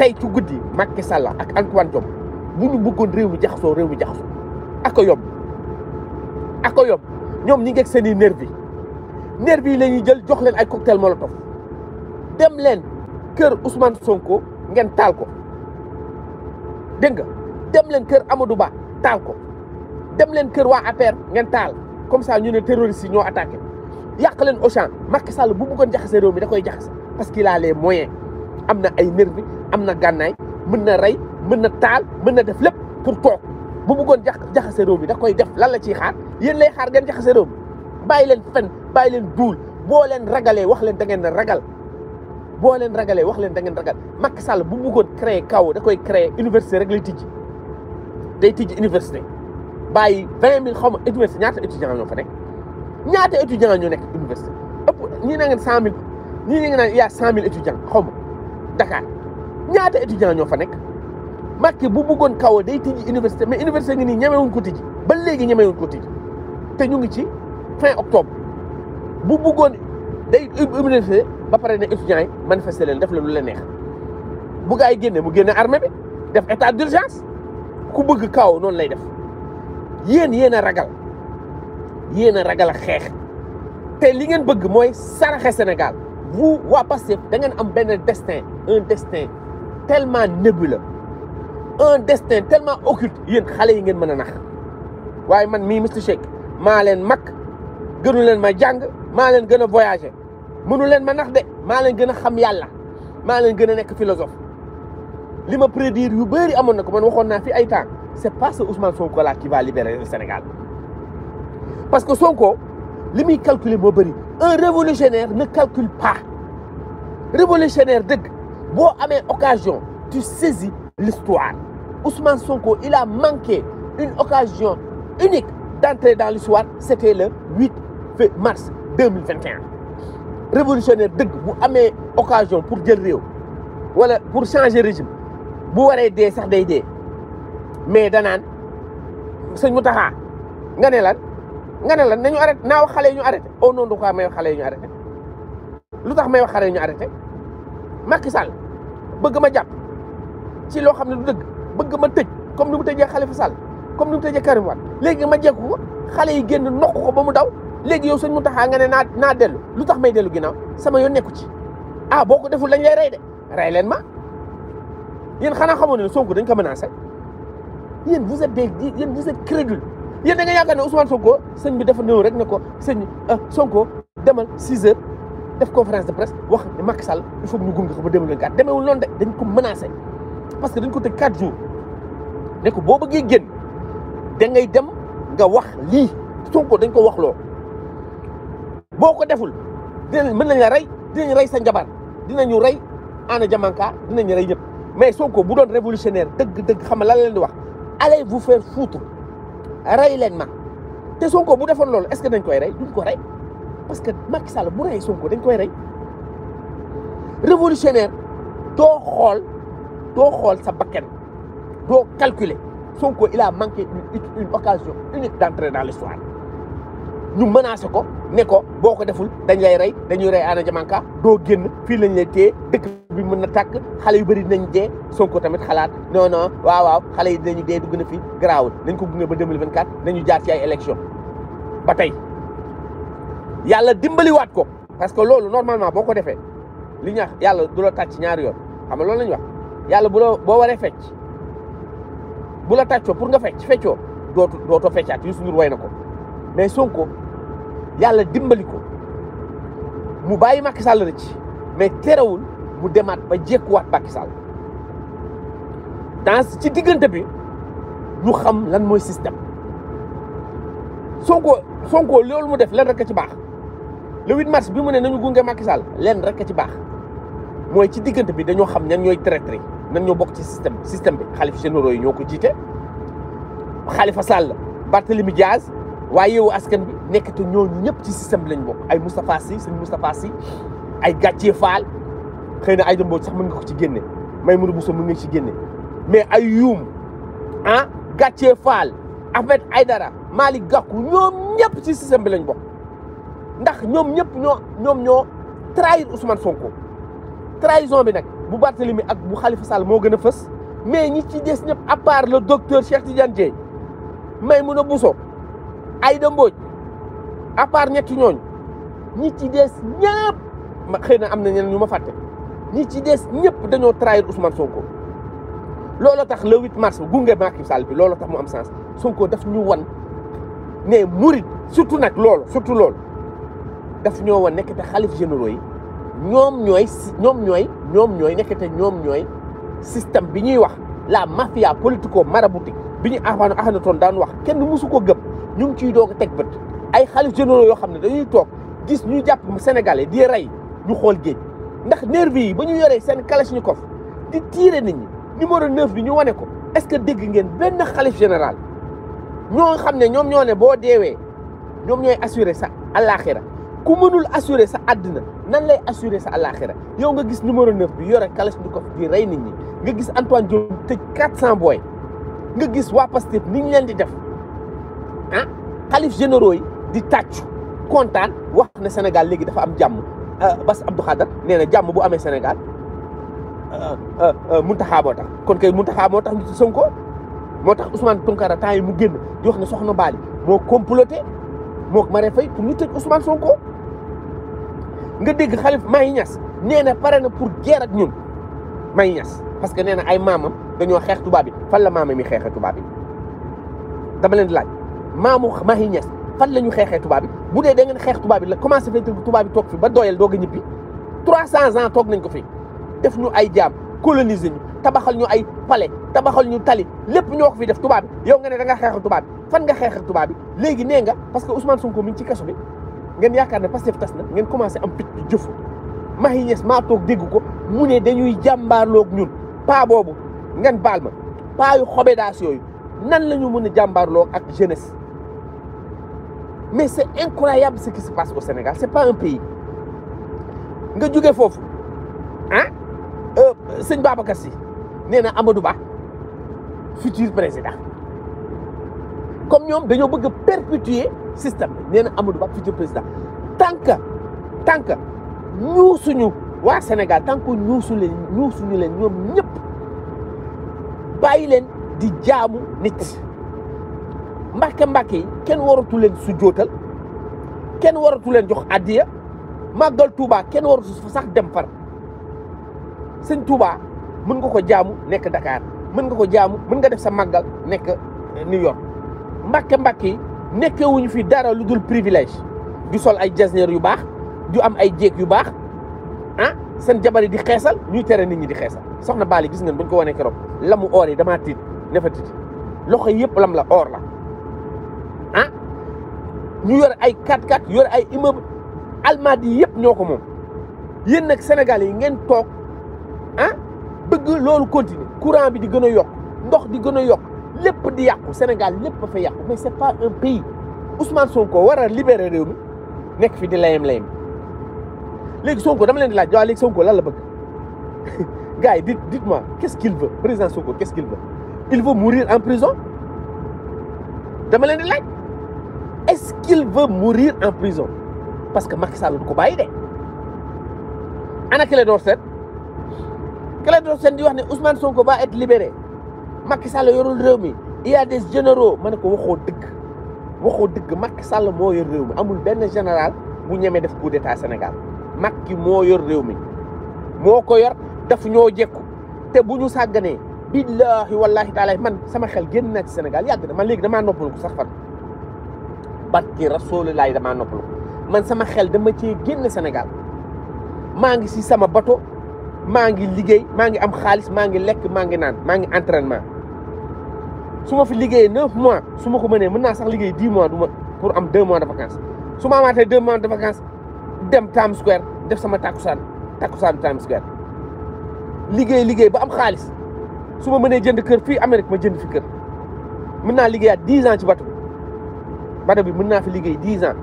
tey ci guddi Macky sàlla ak Antoine Diome bu ñu bëggoon réew mi jaxasoo réew mi jaxasoo ak ko yomb ak ñoom ñi ngeeg seen i nervi nervi yi la ñuy jël jox leen ay cocktail molotov dem leen kër Ousmane Sonko ngeen taal ko dégg nga dem leen kër Amadou Ba taal ko dem leen kër waa APR ngeen taal comme sa ñu ne terroristes yi ñoo attaqué yàq leen Auchan Macky Sall bu bëggoon jaxase réew mi da koy jaxase parce qu'il a les moyens. am na ay nervi am na gànnaay mën na rey mën na taal mën na def lépp pour toog bu bëggoon jax jaxase réew mi da koy def lan la ciy xaar yéen lay xaar ngeen jaxase réew bàyyi leen fen bàyyi leen duul boo leen ragalee wax leen da ngeen ragal boo leen ragalee wax leen da ngeen ragal Macky Sall bu bëggoon créer kaw da koy créer université rek lay tijji day tijji université bàyyi vingt mille xaw ma université ñaata étudiants ñoo fa nekk ñaata étudiants ñoo nekk université ëpp ñii na ngeen cent mille ñii na ngeen naan il y a cent mille étudiants Dakar ñaata étudiants ñoo fa nekk Macky bu bëggoon kawo day tijji université mais université ngi nii ñemewuñ ko tijji ba léegi ñemewuñ ko tijji te ñu ngi ci fin octobre bu bëggoon day université ba pare ne étudiants yi manifester leen def la lu la neex bu gaa yi génne mu génne armée bi def état d'urgence ku bëgg kaw noonu lay def yéen yéen a ragal yéen a ragal a xeex te li ngeen bëgg mooy saraxe Sénégal vous voyez passer destin un destin tellement nébuleux un destin tellement occulte Il y a man mii Mister Shake maa mak mag gënu ma Malen a voyager mënu leen ma nax de un leen je suis xam yàlla je philosophe temps c'est pas ce Ousmane Sonko qui va libérer le Sénégal parce que Sonko calculer un révolutionnaire ne calcule pas révolutionnaire une occasion tu saisis l'histoire Ousmane Sonko il a manqué une occasion unique d'entrer dans l'histoire c'était le 8 mars 2021 révolutionnaire à bu une occasion pour dire le, pour changer régime bu waree ça sax mais Danan, c'est nga ne la nañu arrêté naa wax xale yi ñu arrêté au nom de quoi may wax xale yi ñu arrêté lu tax may wax xale yi ñu arrêté Macky Sall bëgg ma jàpp ci loo xam ne du dëgg bëgg ma tëj comme ni mu tëjee Khalifa Sall comme ni mu tëjee Karim Wade léegi ma jekku ko xale yi génn nokk ko ba mu daw léegi yow sëñ Mountakha nga ne naa naa dellu lu tax may dellu ginnaaw sama yoon nekku ci ah boo ko deful lañ lay rey de rey leen ma yéen xanaa xamoon ne Sonko dañ ko menacé yéen vous êtes des yéen vous êtes crédule yéen da nga yaakaar ne Ousmane Sonko sëñ bi dafa ñëw rek ne ko sëñ euh, Sonko demal 6 heures def conférence de presse wax ne Macky Sall il faut ñu gunge ko ba 2024 demeewul noonu de dañ ko menacé parce que dañ ko tëj 4 jours ne ko boo bëggee génn da ngay dem nga wax lii Sonko dañ ko wax loo boo ko deful dinañ mën nañ la rey dinañ rey sa njabar dinañu rey Anna dina ñu rey ñëpp mais Sonko bu doon révolutionnaire dëgg-dëgg xam nga lan leen di wax allez vous faire foutre. rey leen ma te Sonko bu defoon loolu est-ce que dañ koy Ray? duñ ko Ray? parce que Macky Sall bu rey Sonko dañ koy Ray. révolutionnaire doo xool doo xool sa bakkan doo calculer Sonko il a manqué une une occasion unique d'entrer dans l'histoire ñu menacé ko ne ko boo ko deful dañ lay rey dañuy Ray Anna Diamanka doo génn fii lañ lay téye dëkk bi mën na tàkk xale yu bëri dinañ dee Sonko tamit xalaat non non waaw waaw xale yi dinañu dee dugg na fi garaawul nañ ko gunge ba 2024 nañu jaar ci ay élection ba tey yàlla dimbaliwaat ko parce que loolu normalement boo ko defee li ñuy yàlla du la tàcc ñaari yoon xam nga loolu lañu ñuy wax yàlla bu la boo waree fecc bu la tàccoo pour nga fecc feccoo dootu dootoo feccaat Youssou Ndour woy na ko mais Sonko yàlla dimbali ko mu bàyyi Macky Sall ci mais terewul mu demaat ba waat Macky Sall dans ci diggante bi ñu xam lan mooy système Sonko Sonko loolu mu def leen rek a ci baax le 8 mars bi mu ne nañu gunge Macky Sall leen rek a ci baax mooy ci diggante bi dañoo xam ñan ñooy traître yi nan ñoo bokk ci système système bi xalif généraux yi ñoo ko jiite Khalifa Sall Barthélemy Diaz waaye yow askan bi nekkatu ñooñu ñëpp ci système bi lañ bokk ay Moustapha Sy sëñ Moustapha Sy ay Gathie Fall xëy na Aïda Mbodj sax mën nga ko ci génne Maimouna Bousso mën nga ci génne mais ay yuum ah Gàccee Fall Ahmed Aïdara Malick Gakou ñoom ñëpp ci système bi lañ bokk ndax ñoom ñëpp ñoo ñoom ñoo trahir Ousmane Sonko trahison bi nag bu mi ak bu xalif Sall moo gën a fës mais ñi ci des ñëpp à part le docteur Cheikh Tidiane Dièye Maimouna Bousso Aïda Mbodj à part ñetti ñooñ ñi ci des ñëpp xëy na am na ñeneen ñu ma fàtte ñi ci dess ñepp dañoo trahir Ousmane Sonko lolo tax le 8 mars gunge Macky Sall bi lolo tax mu am sens Sonko daf ñu won né mourid surtout nak lolo surtout lolo daf ñoo won nek té xalif généraux yi ñom ñoy ñom ñoy ñom ñoy nek té ñom ñoy système bi ñuy wax la mafia politico maraboutique bi ñu Ahmadu Ahmatoon daan wax kenn mësu ko gëm ñu ngi ciy doog tek bëtt ay xalif généraux yo xamné dañuy tok gis ñu japp Sénégalais di ray ñu xol geej ndax nervi yi ba ñu yoree seen kalachnikov di tiire nit ñi numéro 9 bi ñu wane ko est-ce que dégg ngeen benn xalif général ñoo xam ne ñoom ñoo ne boo deewee ñoom ñooy assurer sa alaxira ku mënul assurer sa àddina nan lay assurer sa alaxira yow nga gis numéro 9 bi yore kalachnikov di rey nit ñi nga gis Antoine Diome tëj 400 booy nga gis waa Pastef ni ñu leen di def ah xalif généraux yi di tàccu kontaan wax na Sénégal léegi dafa am jàmm. Euh, Bass Abdou Khadre nee na jàmm bu amee Sénégal euh, euh, Mountakha moo tax kon kay Mountakha tax ñu ci Sonko moo tax Ousmane Tounkara temps yi mu génn di wax ne soxna Bali moo comploté moo Marème Faye pour ñu tëj Ousmane Sonko nga dégg Khalifa Mahi Niass nee na pare na pour guerre ak ñun Mahi Niass parce que nee na ay maamam dañoo xeex tubaab yi fan la maamam yi xeexee tubaab bi dama leen laaj maamu Mahi Niass fan la ñu xeexee tubaab bu dee da ngeen xeex tubaab bi la commencé fay tubaab bi toog fi ba doyal doog a ñibbi trois cent ans toog nañ ko fi def ñu ay jaam coloniser ñu tabaxal ñu ay pale tabaxal ñu tali lépp ñoo ko fi def tubaab yow nga ne da nga xeexal tubaab bi fan nga xeexal tubaab bi léegi nee nga parce que Ousmane Sonko mi ngi ci kaso bi ngeen yaakaar ne Pastef tas na ngeen commencé am picc di jëfu Mahi maa toog dégg ko mu ne dañuy jàmbaarloog ñun paa boobu ngeen baal ma paa yu xobedaas yooyu nan la ñu mën a jàmbaarloog ak jeunesse mais c'est incroyable ce qui se passe au Sénégal c'est pas un pays nga jóge fofu. Hein? Euh, sëñ Babacar Sy nee Amadou Ba futur président comme nous, dañoo bëgg perpétuer système Néna Amadou Ba futur président tant que tant que au wa Sénégal tant que nous sommes au Sénégal, nous sommes au leen di jaamu nit mbàkke mbàkke yi kenn waratu leen su jóotal kenn waratu leen jox addiya màggal Touba kenn waratu fa sax dem far sëñ Touba mën nga ko jaamu nekk ndakaar mën nga ko jaamu mën nga def sa màggal nekk eh, New York mbàkke mbàkke yi nekkewuñu fi dara lu dul privilège du sol ay jasneer yu baax du am ay jéeg yu baax ah seen jabar yi di xeesal ñuy tere nit ñi di xeesal soxna Bali gis nga buñ ko wanee keroog lamu or yi damaa tiit nefa tiit loxo yëpp lam la or ah hein? ñu yor ay 4-4 yor ay immeuble almaadi yi ñoko mom yeen nak Sénégal yi ngeen tok hein bëgg loolu continuer courant bi di gëna yok ndox di gëna yok yokk lépp di yàqu Sénégal lépp fa yàqu mais c'est pas un pays Ousmane Sonko wara libérer réew mi nekk fi di layem layem léegi Sonko dama leen di laaj wa léegi Sonko lan la bëgg gars dit dit dites-moi qu'est-ce qu'il veut président Sonko qu'est-ce qu'il veut il veut mourir en prison dama leen di laaj est-ce qu'il veut mourir en prison parce que Macky Sall du ko bàyyi dé. ana Clédor Sène Clédor Sène di wax né Ousmane Sonko va être libéré Macky Sall yorul réew mi il y a des généraux mané ko waxo deug. Waxo deug Macky Sall mo yor réew mi amul benn général bu ñëmé def coup d'état Sénégal Macky mo yor réew mi moo yor daf ñoo jekku Té buñu ñu billahi wallahi taala man sama xel génn naa ci Sénégal yàgg na man léegi damaa noppal ko sax fan barki rasulilaay damaa noppalu man sama xel dama cee génn Sénégal maa ngi si sama bato maa ngi liggéey maa ngi am xaalis maa ngi lekk maa ngi naan maa ngi entraînement su ma fi liggéeyee neuf mois su ma ko mënee mën naa sax liggéey dix mois du ma pour am deux mois de vacances su ma amaatee deux mois de vacances dem Times Square def sama takkusaan takkusaan Times Square liggéey liggéey ba am xaalis su ma mënee jënd kër fii Amérique ma jënd fi kër mën naa liggéeyaat dix ans ci bato. bato bi mun naa fi liggéey dix ans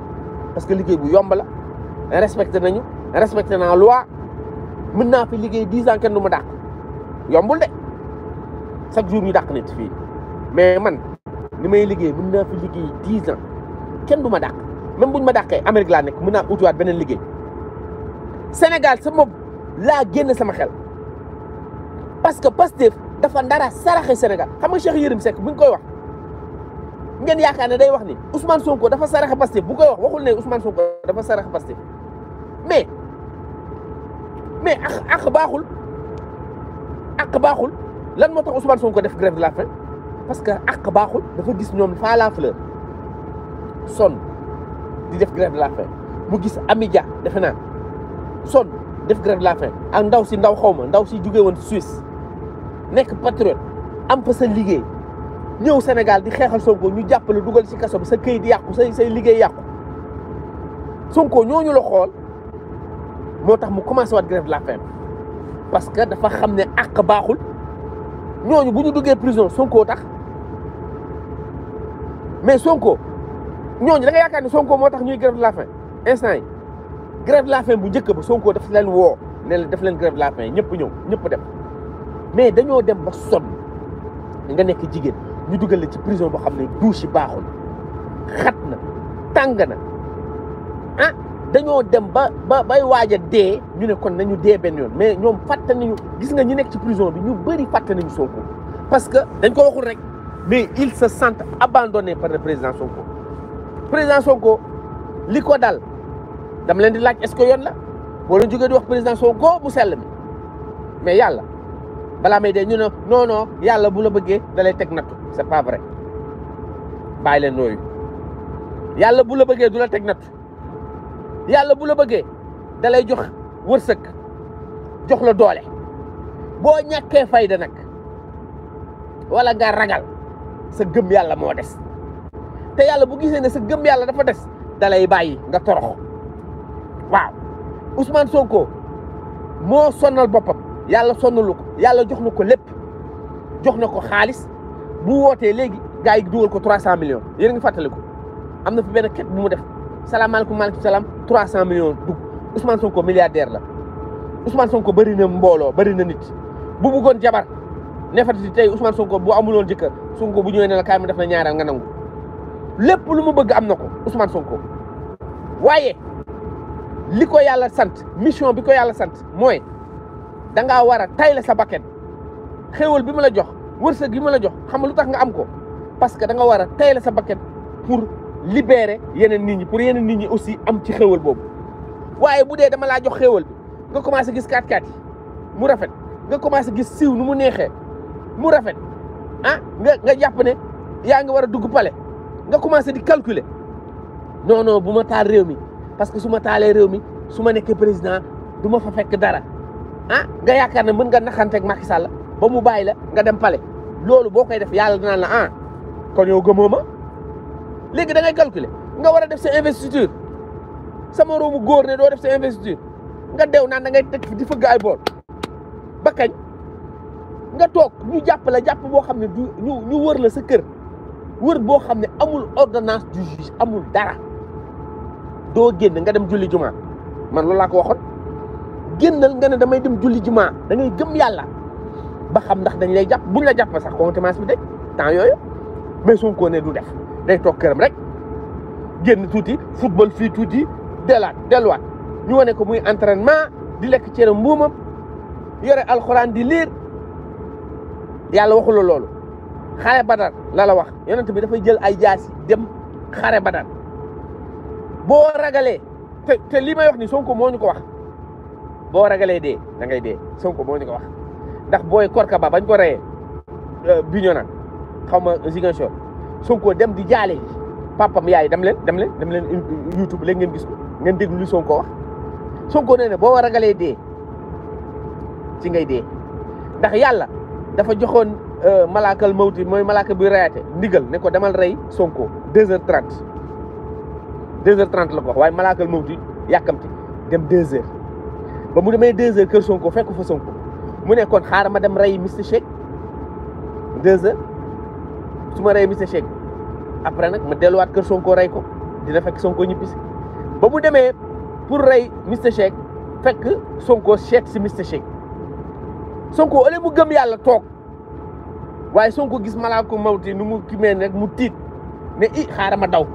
parce que liggéey bu yomb la respecté nañu respecte naa loi mun naa fi liggéey dix ans kenn du ma dàq yombul de jour ñu dàq nit fii mais man li may liggéey mën naa fi liggéey dix ans kenn ma dàq même buñ ma dàqee Amérique laa nekk mën naa utiwaat beneen liggéey Sénégal sama laa génn sama xel parce que Pastef dafa ndara saraxe Sénégal sama nga Cheikh Yérim Seck bu koy wax. ngeen yaakaar ne day wax ni Ousmane Sonko dafa sarax Pastef bu koy wax waxul ne Ousmane Sonko dafa sarax Pastef mais mais ak ak baaxul ak baaxul lan moo tax Ousmane Sonko def grève de parce que baaxul dafa gis ñoom faa la fleur sonn di def grève de la faim mu gis Amidia defe naa sonn def grève la faim ak ndaw si ndaw xaw ma ndaw si jóge woon Suisse nekk patriote am fa sa liggéey. ñëw Sénégal di xeexal Sonko ñu jàppale dugal ci kaso bi sa këyit yàqu say say liggéey yàqu Sonko ñooñu la xool moo tax mu commencé waat grève de la parce que dafa xam ne àq baaxul ñooñu bu ñu duggee prison sonkoo tax mais Sonko ñooñu da yaakaar ni Sonko moo tax ñuy grève de la instant yi grève de bu njëkk ba Sonko daf leen woo ne leen daf leen grève de la faim ñëw ñëpp dem mais dañoo dem ba sonn nga nekk jigéen. ñu devons la ci prison boo xam ne douche na ah, dem ba ba bay waaj a ñu ne kon nañu dee benn yoon mais ñoom fàtte nañu gis nga ñu ci prison bi ñu bëri parce que mais il se sentent abandonnés par le président Sonko président Sonko li ko dal ce que yoon la boo leen jógee di wax président Sonko mu sell mi mais balaa may dee ñu ne noonoo yàlla bu la bëggee dalay teg nattu c'est pas vrai leen nooyu yàlla bu la bëggee du la teg nattu yàlla bu la bëggee dalay lay jox wërsëg jox la doole boo ñàkkee fayda nag wala nga ragal sa gëm yàlla moo des te yàlla bu gisee ne sa gëm yàlla dafa des dalay bàyyi nga torox waaw Ousmane Sonko moo sonal boppam. yàlla sonnalu ko yàlla jox na ko lépp jox na ko xaalis bu wootee léegi gaa yi dugal ko 300 millions yéen a ngi fàttali ko am na fi benn ket bu mu def salaamaaleykum maaleykum salaam 300 millions dugg Ousmane Sonko milliardaire la Ousmane Sonko bëri na mbooloo bëri na nit bu bëggoon jabar neefati tey Ousmane Sonko bu amuloon jëkkër Sonko bu ñëwee ne la kaay mu def na ñaareel nga nangu lépp lu mu bëgg am na ko Ousmane Sonko waaye li ko yàlla sant mission bi ko yàlla sant mooy. da nga wara a tayle sa baket xéewal bima la jox wërsëg bi ma la jox xam nga lu tax nga am ko parce que da nga wara a tayle sa baket pour libérer yenen nit ñi pour yenen nit ñi aussi am ci xéewal bobu waye bu dama la jox xéewal bi nga commencé gis kaat kaat mu rafet nga commencé gis siw nu mu nexé mu rafet ah nga nga japp né ya nga wara dugg palé nga commencé di calculer non non buma ma taal mi parce que suma talé taalee mi président duma fa fekk dara ah nga yaakaar ne mën nga naxanteeg Macky Sall ba mu bàyyi la nga dem pale loolu boo koy def yàlla dinaan la ah kon yow gëmoo ma léegi dangay ngay nga war a def sa investiture sama roomu góor ne doo def sa investiture nga dew naan da ngay teg di fëgg ay bool ba kañ nga toog ñu jàpp la jàpp boo xam ne du ñu ñu wër la sa kër wër boo xam ne amul ordonnance du juge amul dara doo génn nga dem julli jumaa man loolu laa ko waxoon gennal nga ne damay dem julli juma da ngay gem yalla ba xam ndax dañ lay japp buñ la japp sax contumace bi de temps yoyu mais Sonko ne du def day tok kërëm rek genn tuuti football fi tuuti delat delwat ñu wone ko muy entraînement di ci cere mbumam yore alcorane di liir yàlla waxula lolu xare badar la la wax yonent bi fay jël ay jasi dem xare badar bo ragalé te limay li wax ni Sonko moñu ko wax boo ragalee dee da ngay dee Sonko moo ñu ko wax ndax booy Korka ba bañ ko reyee euh, na xaw ma Ziguinchor Sonko dem di jaale ji papam yaay dem leen dem leen dem leen euh, euh, YouTube léegi ngeen gis ko ngeen déglu li Sonko wax Sonko nee na boo ragalee dee ci ngay dee ndax yàlla dafa joxoon malaakal mawti mooy malaaka bi reyaate ndigal ne ko demal rey Sonko deux heures trente deux heures la ko wax waaye malaakal mawti yàkkamti dem deux heures ba mu demee deux heures kër Sonko fekku fa Sonko mu ne kon xaaral ma dem rey Mister Shake deux heures su ma rey Mister Shake après nag ma delluwaat kër Sonko rey ko dina fekk Sonko ñibbisi ba mu demee pour rey Mister Shake fekk Sonko seet si Mister Shake Sonko ole mu gëm yàlla toog waaye Sonko gis malaa ko mawti nu mu kimee rek mu tiit ne i xaaral ma daw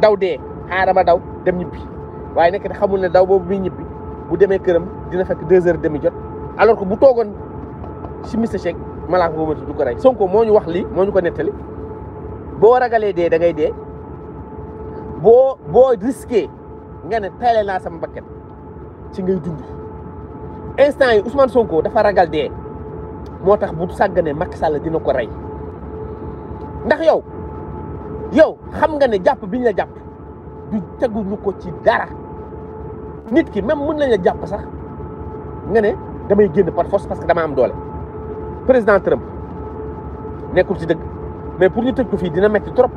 daw dee xaaral ma daw dem ñibbi waaye nekk xamul ne daw boobu muy ñibbi bu demee këram dina fekk deux heures demi jot alors bu toogoon si Mister Shake malaaka ko mënatu du ko rey Sonko moo ñu wax lii moo ñu ko nettali boo ragalee dee da ngay dee boo boo risqué nga ne tayle naa sama bakket ci ngay dund instant yi Ousmane Sonko dafa ragal dee moo tax bu sàgganee Macky sàll dina ko rey ndax yow yow xam nga ne jàpp bi ñu la jàpp du teguñu ko ci dara. nit ki même mën nañ jàpp sax nga ne damay génn par force parce que dama am doole président Trump nekkul si dëgg mais pour ñu tëj ko fii dina metti trop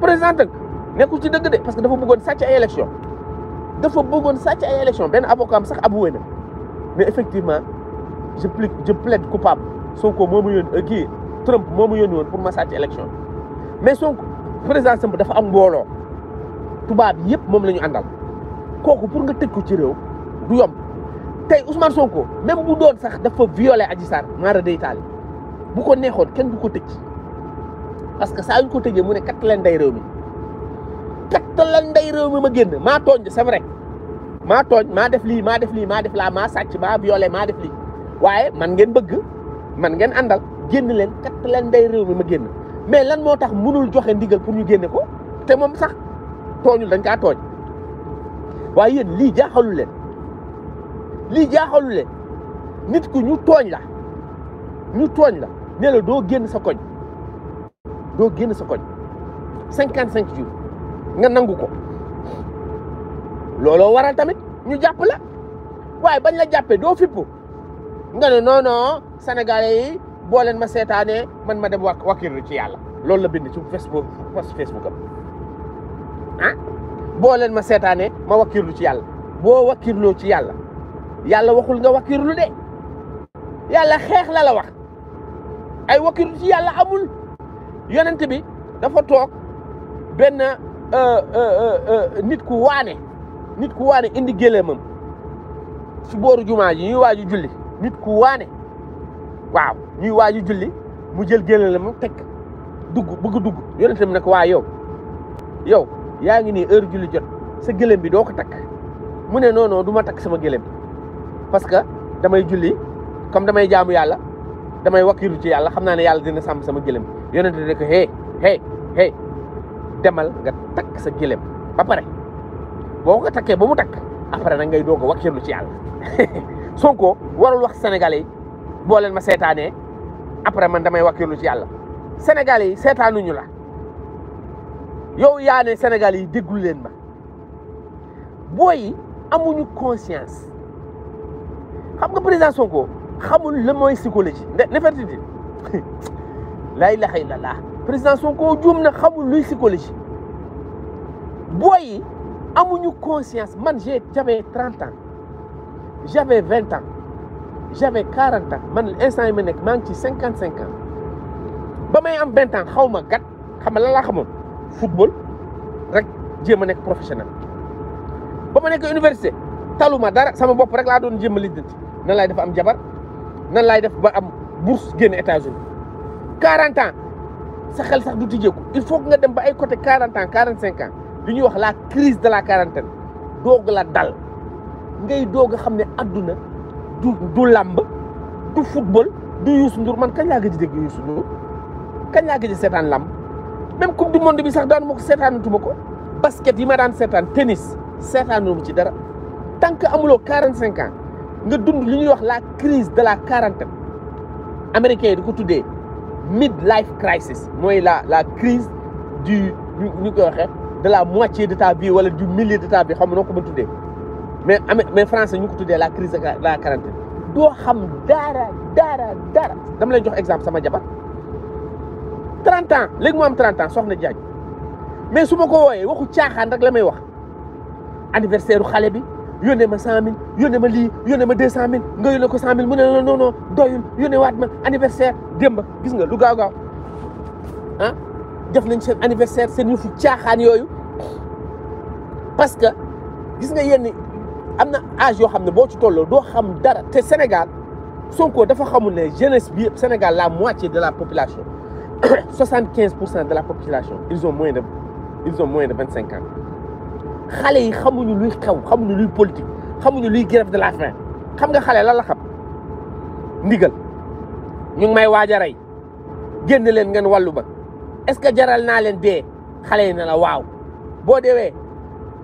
président dëgg nekkul ci dëgg de parce que dafa bëggoon sàcc ay élection dafa bëggoon sàcc ay élection benn avocat am sax avoué na mais effectivement je plaide je plaide coupable Sonko moo ma yónni euh, kii Trump moo ma yónni woon pour ma sàcc élection mais Sonko président Trump dafa am mbooloo tubaab yëpp moom la ñu àndal. kooku pour nga tëj ko ci réew du yomb tey Ousmane ko même bu doon sax dafa violé Adji Sarr maara day taal bu ko neexoon kenn du ko tëj parce que saa yu ñu ko tëjee mu ne kat leen day réew mi kat leen day réew mi ma génn maa tooñ c'est vrai maa tooñ maa def lii maa def lii maa def laa maa sàcc maa violé maa def lii waaye man ngeen bëgg man ngeen àndal génn leen kat leen day réew mi ma génn mais lan moo tax mënul joxe ndigal pour ñu génne ko te moom sax tooñul dañ kaa waaye yéen lii jaaxalu leen lii jaaxalu leen nit ku ñu tooñ la ñu tooñ la ne la doo génn sa koñ doo génn sa koñ cinquante cinq jours nga nangu ko looloo waral tamit ñu jàpp la waaye bañ la jàppee doo fippu nga ne non non sénégalais boo leen ma seetaanee man ma dem wakkilu ci yàlla loolu la bind ci Facebook Facebook am ah boo leen ma seetaanee ma wakkirlu ci yàlla boo wakkirloo ci yàlla yàlla waxul nga wakkirlu de yàlla xeex la la wax ay wakkirlu ci yàlla amul yonent bi dafa toog benn euh, euh, euh, nit ku waane nit ku waane indi géléemam si booru jumaa ji ñuy waaju julli nit ku waane waaw ñuy waaju julli mu jël géléemam teg dugg bëgg dugg yonent bi nag waa yow yow yaa ngi nii heure julli jot sa gëlëm bi doo ko takk mu ne non non du ma takk sama gëlëm parce que damay julli comme damay jaamu yàlla damay wakiru ci yàlla xam naa ne yàlla dina sàmm sama gëlëm yonent ne ko hey hey hey demal nga takk sa gëlëm ba pare boo ko takkee ba mu takk après nag ngay doog a ci yàlla Sonko warul wax Sénégalais yi boo ma seetaanee après man damay ci yàlla Sénégalais yi seetaanuñu la. Yo ya des Sénégalais qui sont dégoulés. Vous conscience. Vous une président Sonko. le moyen psychologie. Il faites a la la la la. président Sonko, vous avez le moyen psychologique. Vous avez conscience. j'avais 30 ans. J'avais 20 ans. J'avais 40 ans. Man, l'instant, il 55 ans. Si j'ai 20 ans, je ne sais pas. Je football rek jéem a nekk professionnel ba ma nekk université taluma dara sama bopp rek laa doon jéem a lijjanti nan laay def am jabar nan laay def ba am bourse génn États-Unis 40 ans sa xel sax du tijjeeku il faut nga dem ba ay côté 40 ans 45 ans lu ñuy wax la crise de la quarantaine doog la dal ngay doog a xam ne adduna du làmb du football du Youssou Ndour man kañ laa gëj a dégg Youssou Ndour kañ laa gëj seetaan làmb même coupe du monde bi sax daan ma ko seetaanatuma ko basket yi ma daan seetaan tennis seetaanuma ci dara tant que amuloo quarante cinq ans nga dund li ñuy wax la crise de la quarantaine américains yi di ko tuddee mid life crisis mooy la la crise du ñu koy waxee de la moitié de ta vie wala du millier de ta vie xam nga noo ko ma tuddee mais am mais français ñu ko tuddee la crise de la quarantaine doo xam dara dara dama lay jox exemple sama jabar 30 ans les suis 30 ans mais si je ko wooyee waxu rek la wax anniversaire 100 bi yónnee ma 100000 ma lii ma 200000 nga ko 100000 non non doyul yónnee ma anniversaire l'anniversaire, gis nga ah, anniversaire parce que gis nga âge ci xam dara Sénégal jeunesse Sénégal la moitié de la population. 75% de la population ils ont moins de ils ont moins de 25 ans xale yi xamuñu luy xew xamuñu luy politique xamuñu luy grève de la faim xam nga moins la la xam ndigal ñu may waja ray. Ils ngeen 25 ba est-ce que jaral naa leen dee ont yi la waaw boo deewee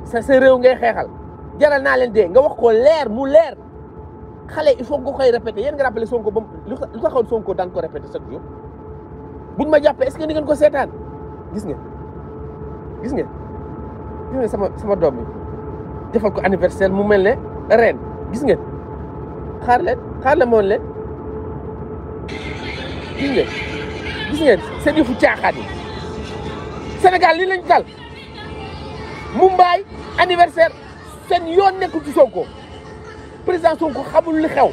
sa sa réew ngay xeexal jaral naa leen dee nga wax ko leer mu leer ans. il faut nga koy 25 yéen nga rappelé Sonko de lu ans. Sonko daan bu buñ ma jàppee est-ce que ni ko seetaan gis ngeen gis ngeen sama sama doom bi defal ko anniversaire mu mel ne ren gis ngeen xaar leen xaar la moon leen gis ngeen seen yëfu caaxaan yi Sénégal lii lañ dal Mumbaay anniversaire seen yoon nekkul ci Sonko président Sonko xamul li xew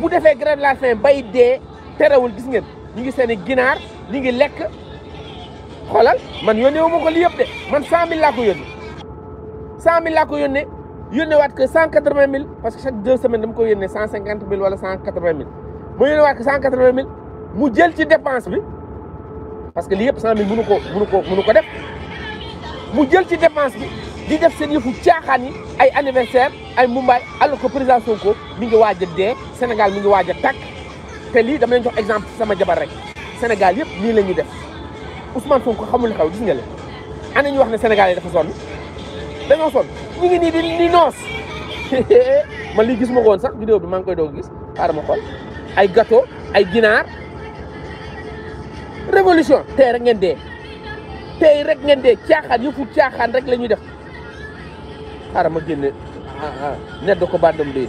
bu defee grève la faim bay dee terewul gis ngeen ñu ngi seen i ginaar ñu ngi lekk xoolal man yónnee wu ma ko li yëpp de man cent mille laa ko yónnee cent mille laa ko yónnee yónnee waat que cent quatre vingt mille parce que chaque deux semaines dama ko yónnee cent cinquante mille wala cent quatre vingt mille ma yónnee waat que cent quatre vingt mille mu jël ci dépense bi parce que li yëpp cent mille mënu ko mënu ko mënu ko def mu jël ci dépense bi di def seen yëfu caaxaan yi ay anniversaire ay Mumbai alors que président Sonko mi ngi waaj a dee Sénégal mi ngi waaj a tàkk te lii dama leen jox exemple sama jabar rek Sénégal yëpp nii la ñuy def Ousmane Sonko xamul li xaw gis nga leen ana ñu wax ne Sénégal yi dafa sonn dañoo sonn ñu ngi nii di di noos man lii gis ma ko woon sax vidéo bi maa ngi koy doog gis xaaral ma xool ay gato ay ginaar révolution tey rek ngeen dee tey rek ngeen dee caaxaan yëfu caaxaan rek la ñuy def xaaral ma génne ah, ah, ah. net da ko bandam dee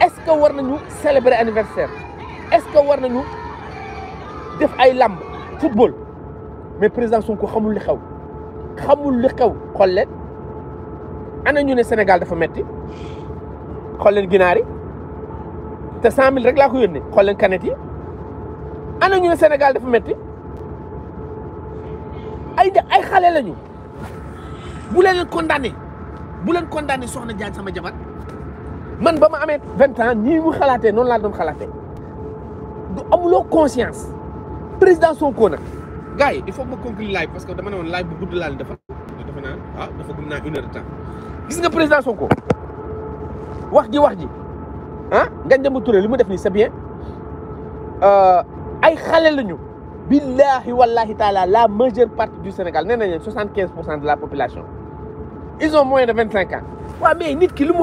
est ce que war nañu célébrer anniversaire est ce que war nañu def ay làmb football mais président Sonko xamul li xew xamul li xew xol len ana ñu ne Sénégal dafa metti xol len ginaar te 100000 rek la ko yónnee xol len canet yi ana ñu ne Sénégal dafa metti ay ay xale lañu bu len condamné bu len condamné soxna Diagne sama jabar man si ma 20 ans ni mu suis non la du conscience président Sonko gars il faut ma conclure live parce que dama live bu gudd la dafa dafa ah dafa une heure de temps gis nga président Sonko wax wax ah, Touré def c'est bien euh, ay la majeure partie du Sénégal 75% de la population ils ont moins de 25 ans wa mais nit ki limu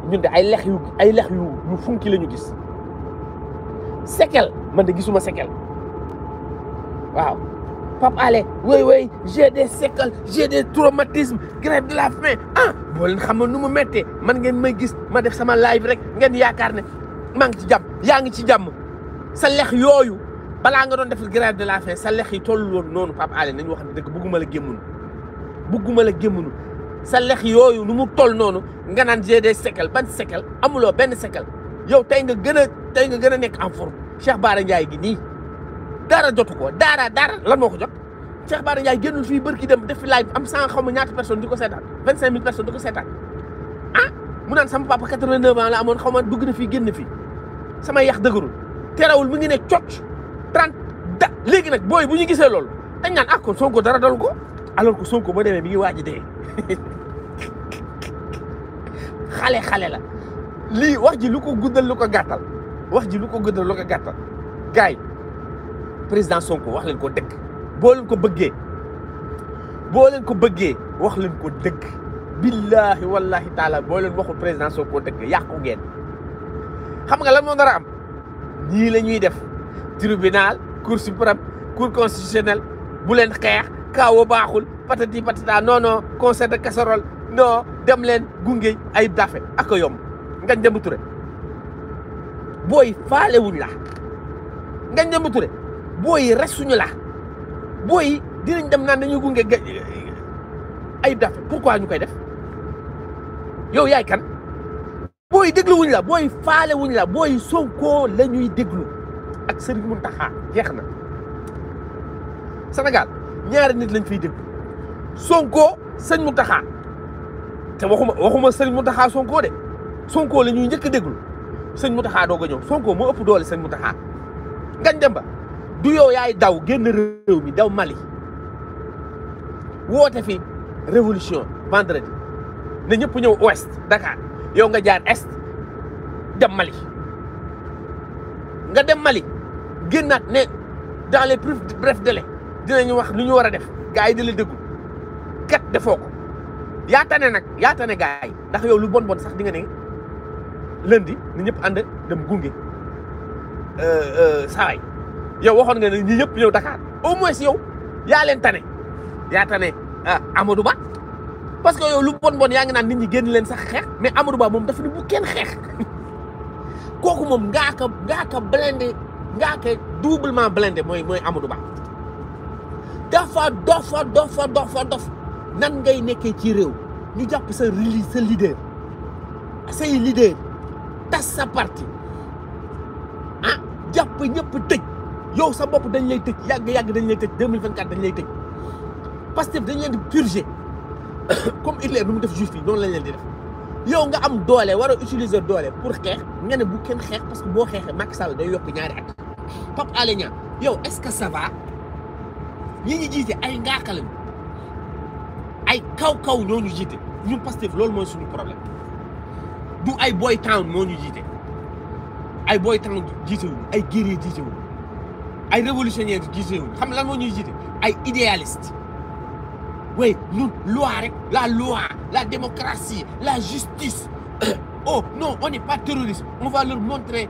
ñun de ay lex yu ay lex yu yu funki lañu gis sekel man de gisuma sekel waaw Pape Alé wéy wéy j'ai des séquelles j'ai des traumatismes grève de la faim ah boo leen xam nu mu méttee man ngeen may gis ma def sama live rek ngeen yaakaar ne maa ngi ci jàmm yaa ngi ci jàmm sa lex yooyu balaa nga doon def grève de la faim sa lex yi tollu loolu noonu Pape Alé nañu wax dëkk bëgguma la gémmunu bëgguma la gémmunu sa lex yooyu lu mu toll noonu nga naan j'ai de séquelles ban séquelle amuloo benn séquelle yow tey nga gën a tey nga gën a nekk en forme Cheikh Bara Ndiaye gi nii dara jotu ko dara daara lan moo ko jot Cheikh Bara Ndiaye génnul fii bërki dem def fi live am cent xaw ma ñaata personnes di ko seetaan vingt cinq mille personnes di ko seetaan ah mu naan sama papa quatre vingt neuf ans amoon xaw ma dugg na fii génn fii sama yax dëgërul terewul mi ngi ne cocc trente da léegi nag booy bu ñu gisee loolu dañ naan ah kon Sonko dara dalu ko alors que son combat demee mi ngi waaj a dee Li xale la gudel wax ji lu ko guddal lu ko gàttal wax ji lu ko guddal lu ko président Sonko wax len ko deug bo len ko beugé bo len ko beugé wax len ko deug billahi wallahi taala bo len waxu président Sonko deug yàqu ngeen xam nga lan mo dara am ni lañuy def tribunal cour suprême cour constitutionnelle bu len kaawa baaxul patati patata non non concert de casserole non dem leen gunge Ayib Daffé ak a yomb Ngagne Demba Touré booy faalewuñ la Ngagne Demba Touré booy resuñu la booy dinañ dem naan dañuy gunge Ayib Daffé pourquoi ñu koy def yow yaay kan booy dégluwuñ la booy faalewuñ la booy Sonko la ñuy déglu ak Serigne Mountakha jeex na Sénégal ñaari nit lañ fiy dégg Sonko sëñ Mountakha te waxuma waxuma sëñ Mountakha Sonko de Sonko la ñuy njëkk a déglu sëñ Mountakha doog a ñëw Sonko moo ëpp doole sëñ Mountakha ngañ dem ba du yow yaay daw génn réew mi daw Mali woote fi révolution vendredi na ñëpp ñëw ouest Dakar yow nga jaar est dem Mali nga dem Mali génnaat ne dans les plus brefs délais dinañu wax lu ñu wara def gaay di la deggu kat defoko ya tane nak ya tane gaay ndax yow lu bon bon sax di nga ne lundi ni ñëpp and dem euh, euh saay yow waxon nga ni ñi ñew Dakar au moins yow ya len tane ya tane euh, Amadou Ba parce que yow lu bon bon ya nga nan nit ñi genn len sax xex mais Amadou Ba mom dafa ni bu kenn xex koku mom nga ka nga ka blendé nga ka doublement blendé moy moy Amadou Ba dafa dofa dofa dofa dof nan ngay nekkee ci réew ñu jàpp sa reli sa leader say leader tas sa parti ah jàpp ñëpp tëj yow sa bopp dañ lay tëj yàgg-yàgg dañ lay tëj 2024 dañ lay tëj Pastef dañ leen di purger comme Hitler nu mu def juif yi noonu lañ leen di def yow nga am doole war a utiliser doole pour xeex nga ne bu kenn xeex parce que boo xeexee Macky Sall day yokk ñaari at Pape Alé Niang yow est-ce que ça Nous ñu jiite nous ay kaw-kaw problème nous ay boy town nous ñu nous, boy town guerrier révolutionnaire loi la loi la démocratie la justice oh non on n'est pas terroriste on va leur montrer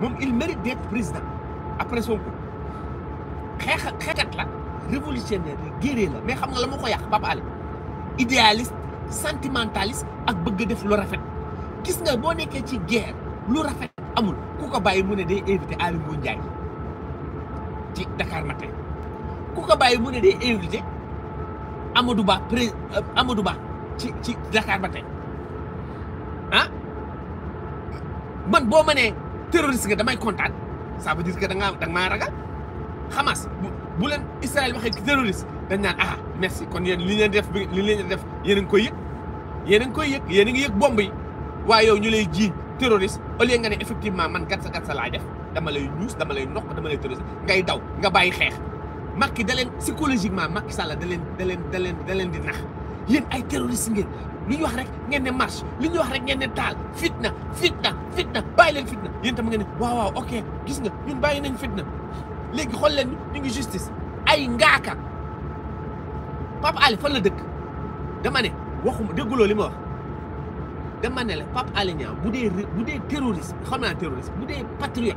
moom il mérite d'être président après Sonko xeex xeexat la révolutionnaire la guerrier la mais xam nga la moo ko yàq Pape Alé sentimentaliste ak bëgg def lu rafet gis nga boo nekkee ci guerre lu rafet amul ku ko bàyyi mu ne day invité Aly Ngouille Ndiaye ci Dakar Matin ku ko bàyyi mu ne day invité Amadou Ba pré euh, du baax ci ci Dakar Matin ah man boo ma terroriste nga damay contact ça veut dire que da nga da nga ragal kan? Hamas bu len Israël waxe terroriste dañ naan ah merci kon yéen li leen def li leen def yéen ngi koy yek yéen ngi koy yek yéen ngi yek bombe wa yow ñu lay ji terroriste au lieu nga ne effectivement man gatsa gatsa la def dama lay ñuus dama lay nok dama lay terroriste ngay daw nga bàyyi xex makki da len psychologiquement makki sala da len da len da len da len di nax yéen ay terroriste ngeen lu ñu wax rek ngeen ne marche lu ñu wax rek ngeen ne taal fitna fitna fitna bàyyi leen fitna yéen tam ngeen ne waaw waaw ok gis nga ñun bàyyi nañ fitna léegi xool leen ni ñu ngi justice ay ngaaka Pape Alé fan la dëkk damane ne waxuma dégguloo li ma wax dama ne la Pape Alé Niang bu dee bu dee terroriste xam naa bu dee patriote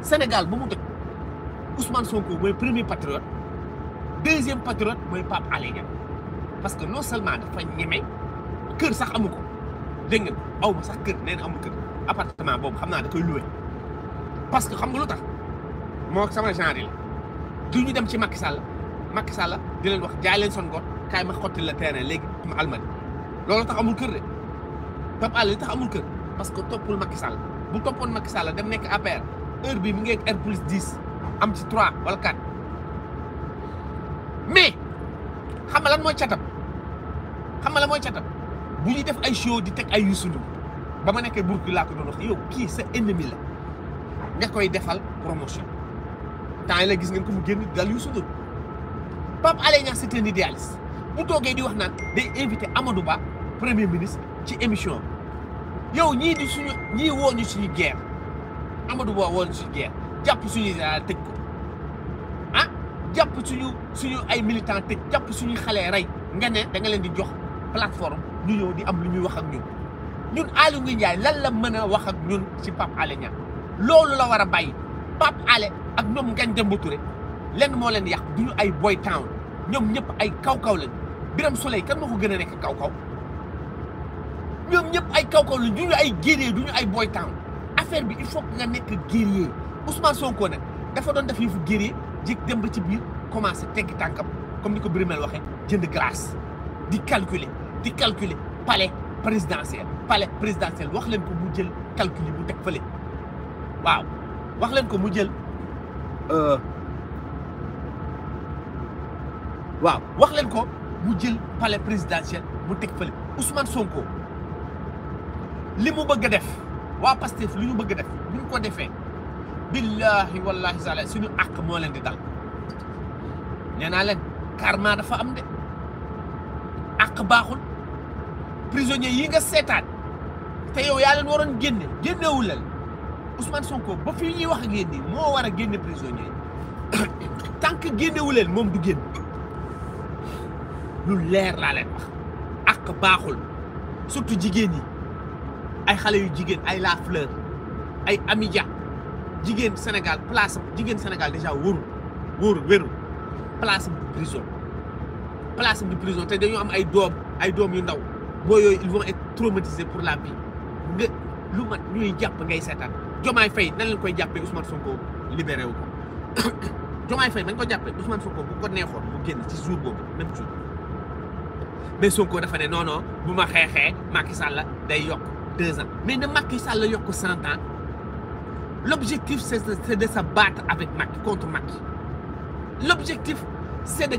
Sénégal bu mu toj Ousmane Sonko mooy premier patriote deuxième patriote mooy Pape Alé Niang parce que non seulement dafa ñeme kër sax amu ko dégg nga aw ma sax kër nee na amu kër appartement boobu xam naa da koy loué parce que xam nga lu tax moo sama genre la du ñu dem ci Macky Sall Macky la di leen wax jaay leen son got kaay ma xotti la terrain léegi ma almadi loolu tax amul kër de Pape Alé li tax amul kër parce que toppul Macky Sall bu toppoon Macky Sall dem nekk APR heure bii mu ngi ak R plus 10 am ci 3 wala 4 mais xam xam nga la mooy catam bu ñu def ay show di teg ay Youssou Ndour ba ma nekkee burki laa ko doon wax yow kii sa ennemi la nga koy defal promotion temps yi la gis ngeen ko mu génn dal Youssou Ndour Pape Alé Niang c'est un idéaliste bu toogee di wax naan day invité amadu Ba premier ministre ci émission yow ñii di suñu ñii woo ñu suñu guerre Amadou Ba woo ñu suñu guerre jàpp suñu daal tëj ko ah jàpp suñu suñu ay militant tëj jàpp suñuy xale rey nga ne da nga leen di jox. plateforme ñu ñëw di am lu ñuy wax ak ñun ñun Aly Ngouille Ndiaye lan la mën a wax ak ñun ci Pape Alé Niang loolu la war a bàyyi Pape ale ak ñoom Ngagne Demba Touré lenn moo leen yàq du ñu ay boy town ñoom ñëpp ay kaw-kaw lañ Birame Souleye kan moo ko gën a nekk kaw-kaw ñoom ñëpp ay kaw-kaw lañ du ñu ay guerrier du ñu ay boy town affaire bi il faut que nga nekk guerrier Ousmane Sonko nag dafa doon def yëfu guerrier jik dem ba ci biir commencé teggi tànkam comme ni ko Birame waxee jënd glace. di calculer di calculer palais présidentiel palais présidentiel wax len ko mu jël calculer yi mu teg waaw wax len ko mu jël euh, waaw wax len ko mu jël palais présidentiel mu tek fële Ousmane Sonko Limu bëgg def wa Pastef li ñu bëgg def buñ ko défé billahi wallahi sala suñu ak mo leen di dal néna leen karma dafa am de yàq baaxul prisonniers yi nga seetaan te yow yaa leen waroon génne génnewul leen Ousmane Sonko ba fi ñuy wax ak yéen moo war a génne prisonniers yi tant que moom du génn lu leer laa leen wax ak baaxul surtout jigéen yi ay xale yu jigéen ay La Fleur ay Amidia jigéen senegal place jigéen senegal déjà wóorul wóorul wérul place bu prison place de prison te dañoo am ay doom ay doom yu ndaw ils vont être traumatisés pour la vie nga lu mat ñuy jàpp ngay seetaan Jomaay Faye nan lañ koy jàppee Ousmane Sonko libéré wu ko Jomaay Faye nañ ko jàppee Ousmane Sonko bu ko neexoon vous génn ci jour boobu même jour mais Sonko dafa fait non non bu ma xeexee Macky Sall day yokk deux ans mais ne Macky Sall a 100 ans l'objectif c'est de se battre avec Macky contre Macky l'objectif c'est de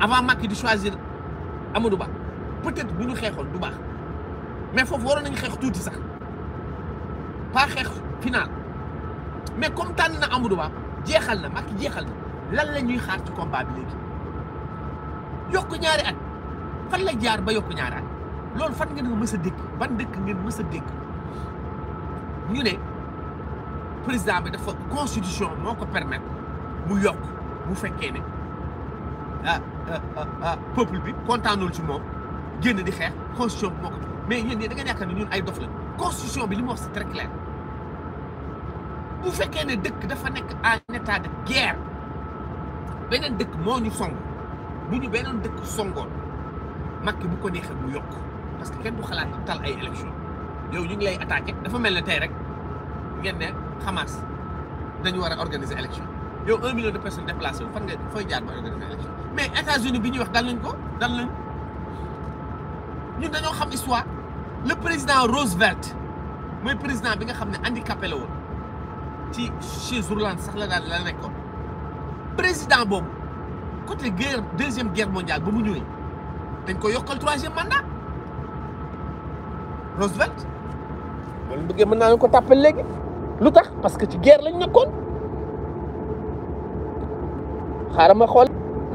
avant Macky di choisir Amadou Ba peut-être bu ñu xeexoon du baax mais foofu waroon nañu xeex tuuti sax pas xeex final mais comme tànn na Amadou Ba jeexal na Macky jeexal na lan la ñuy xaar ci combat bi léegi yokk ñaari at fan lay jaar ba yokk ñaari at loolu fan ngeen ko mës a dégg ban dëkk ngeen mës a dégg ñu ne président bi dafa constitution moo ko permettre mu yokk bu fekkee ne ah. peuple bi kontaanul ci moom génn di xeex constitution bi moo ko mais yéen ñii da ngeen yaakaar ñun ay dof la constitution bi li mu wax c'est très bu fekkee ne dëkk dafa nekk en état de beneen dëkk moo ñu song bu ñu beneen dëkk songoon Macky bu ko neexee mu yokk parce que kenn du xalaat ni tal ay élection yow ñu ngi lay attaqué dafa mel ne tey rek ngeen ne Hamas dañu war a organiser élection yow un million de personnes déplacées fan nga fooy jaar ba mais États-Unis wax dal nañ ko dal Nous le président Roosevelt le président bi nga handicapé la woon chez sax la la président guerre deuxième guerre mondiale il mu a le troisième mandat Roosevelt wala ko parce que ci guerre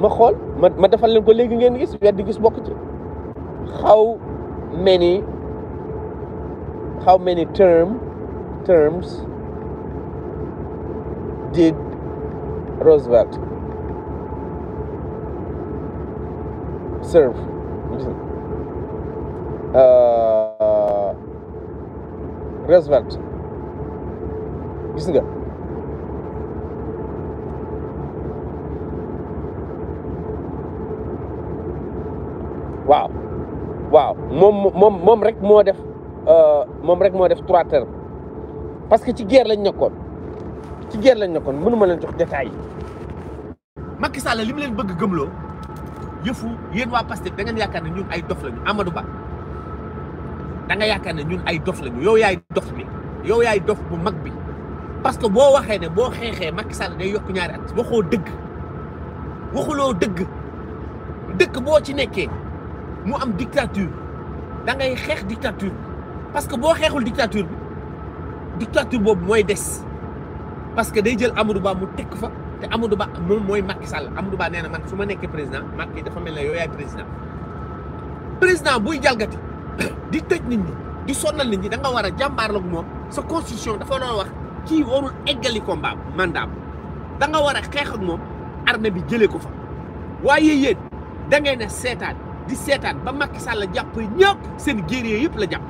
ma xool ma ma defal leen ko léegi ngeen gis weddi gis bokk ci how many how many term terms did Roosevelt serve uh, Roosevelt gis nga waaw moom moom moom rek moo def euh, moom rek moo def trois termes parce que ci guerre lañ nekkoon ci guerre lañ nekkoon mënu ma leen jox détails yi. Macky Sall li mu leen bëgg gëmloo yëfu yéen waa Pastef da ngeen yaakaar na ñun ay dof lañu Amadou Ba da nga yaakaar ne ñun ay dof lañu yow yaay dof bi yow yaay dof bu mag bi parce que boo waxee ne boo xeexee Macky Sall day yokk ñaari at waxoo dëgg waxuloo dëgg dëkk boo ci nekkee. mu am dictature da ngay xex dictature parce que bo xexul dictature dictature bobu moy dess parce que day jël Amadou Ba mu tek fa te Amadou Ba mom moy Macky Sall Amadou Ba nee man su nekk nekkee président Macky dafa melni yow yaay président président buy jalgati di tej nit ñi di sonal nit ñi da nga wara jambar jàmbaarloog mom sa constitution dafa non wax ki warul eggali combat mandat da nga wara xex ak mom armée bi jëlé ko fa waye yeen da ngay a sétane di seetaan ba Macky Sall jàpp ñëpp seen guerrier yëpp la jàpp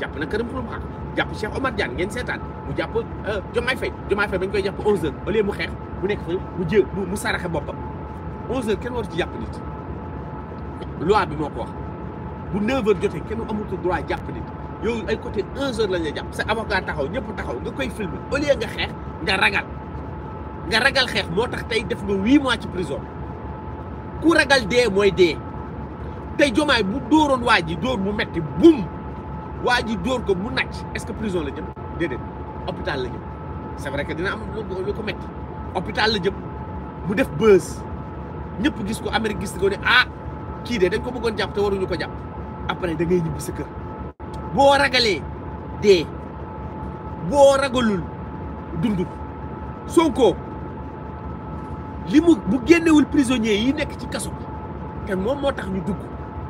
jàpp na këram xurum xaq jàpp Cheikh Omar Diagne ngeen seetaan mu jàpp Jomaay euh, Faye Jomaay Faye bañ koy jàpp 11h au lieu mu xeex mu nekk fa mu jë mu saraxe boppa 11h kenn war ci jàpp nit loi bi moo ko wax bu 9 jotee kenn amatu droit jàpp nit yow ay côté 11h lañ la jàpp sa avocat taxaw ñëpp taxaw nga koy filmé au lieu nga xeex nga ragal nga ragal xeex moo tax tey def nga 8 mois ci prison ku ragal dee mooy dee. tey jomaay bu doron waji dor dóor mu metti boum waji dor ko mu nacc est-ce que prison la jëm dedet hôpital la jëm c'est vrai que dina am lu ko metti hôpital la jëm mu def bës ñëpp gis ko Amérique gis ko ne ah ki de dañ ko bëggon japp te waruñu ko japp après da ngay ñibbi sa kër bo ragalé dé bo ragalul dund Sonko limu mu bu génnewul prisonnier yi nekk ci kasso bi te moom moo tax ñu dugg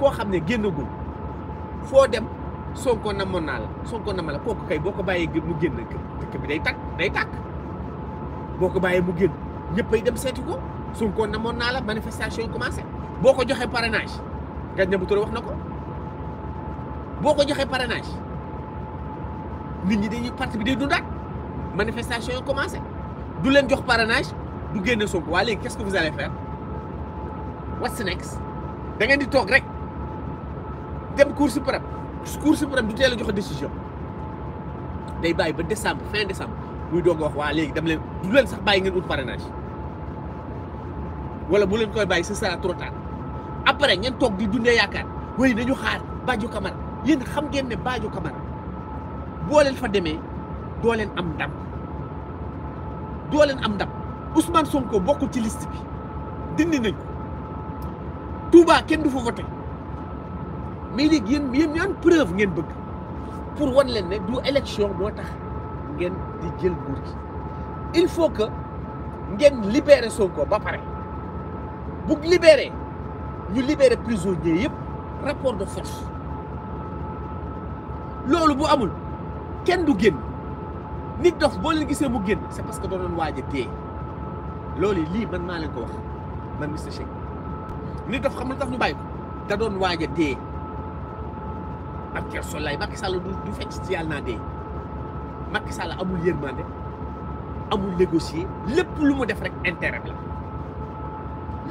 ko xam ne fo dem Sonko namonal Sonko namala la kay boko baye mu génn dëkk bi day tak day tak boko baye mu genn ñeppay dem seeti ko Sonko namoon manifestation yi commencé boko ko parrainage gagne bu tour wax nako boko boo parrainage nit ñi dañuy parti bi day dundaat manifestation yi commencé du len jox parrainage du génne Sonko wa léegi qu'est-ce que vous allez faire what's next da ngeen di tok rek dem cour suprême cour suprême du teel a joxe décision day bay ba décembre fin décembre muy doog wax wa légui dem len du len sax bay ngeen out parrainage wala bu len koy bay ce sera trop tard après ngeen tok di dundé yaakaar way nañu xaar Badio kamar yeen xam ngeen ne Badio kamar bo len fa démé do len am ndam do len am ndam Ousmane Sonko bokku ci liste bi dindi nañ Touba kenn du fa voter mais léegi yéen yéen ñaan preuve ngeen bëgg pour wan leen ne du élection moo tax ngeen di jël nguur il faut que ngeen libérer ko ba pare bu libérer ñu libérer prisonniers yëpp rapport de force loolu bu amul kenn du génn nit dof boo leen gisee mu génn c'est parce que doonoon waaj a téye loolu lii man maa leen ko wax man Mister Shake nit dof xam lu tax ñu bàyyi ko da doon waaj a ak kerso lay Macky Sall du du fecc ci yàlla naa dee Macky Sall amul yërmande amul négocier lépp lu mu def rek intérêt la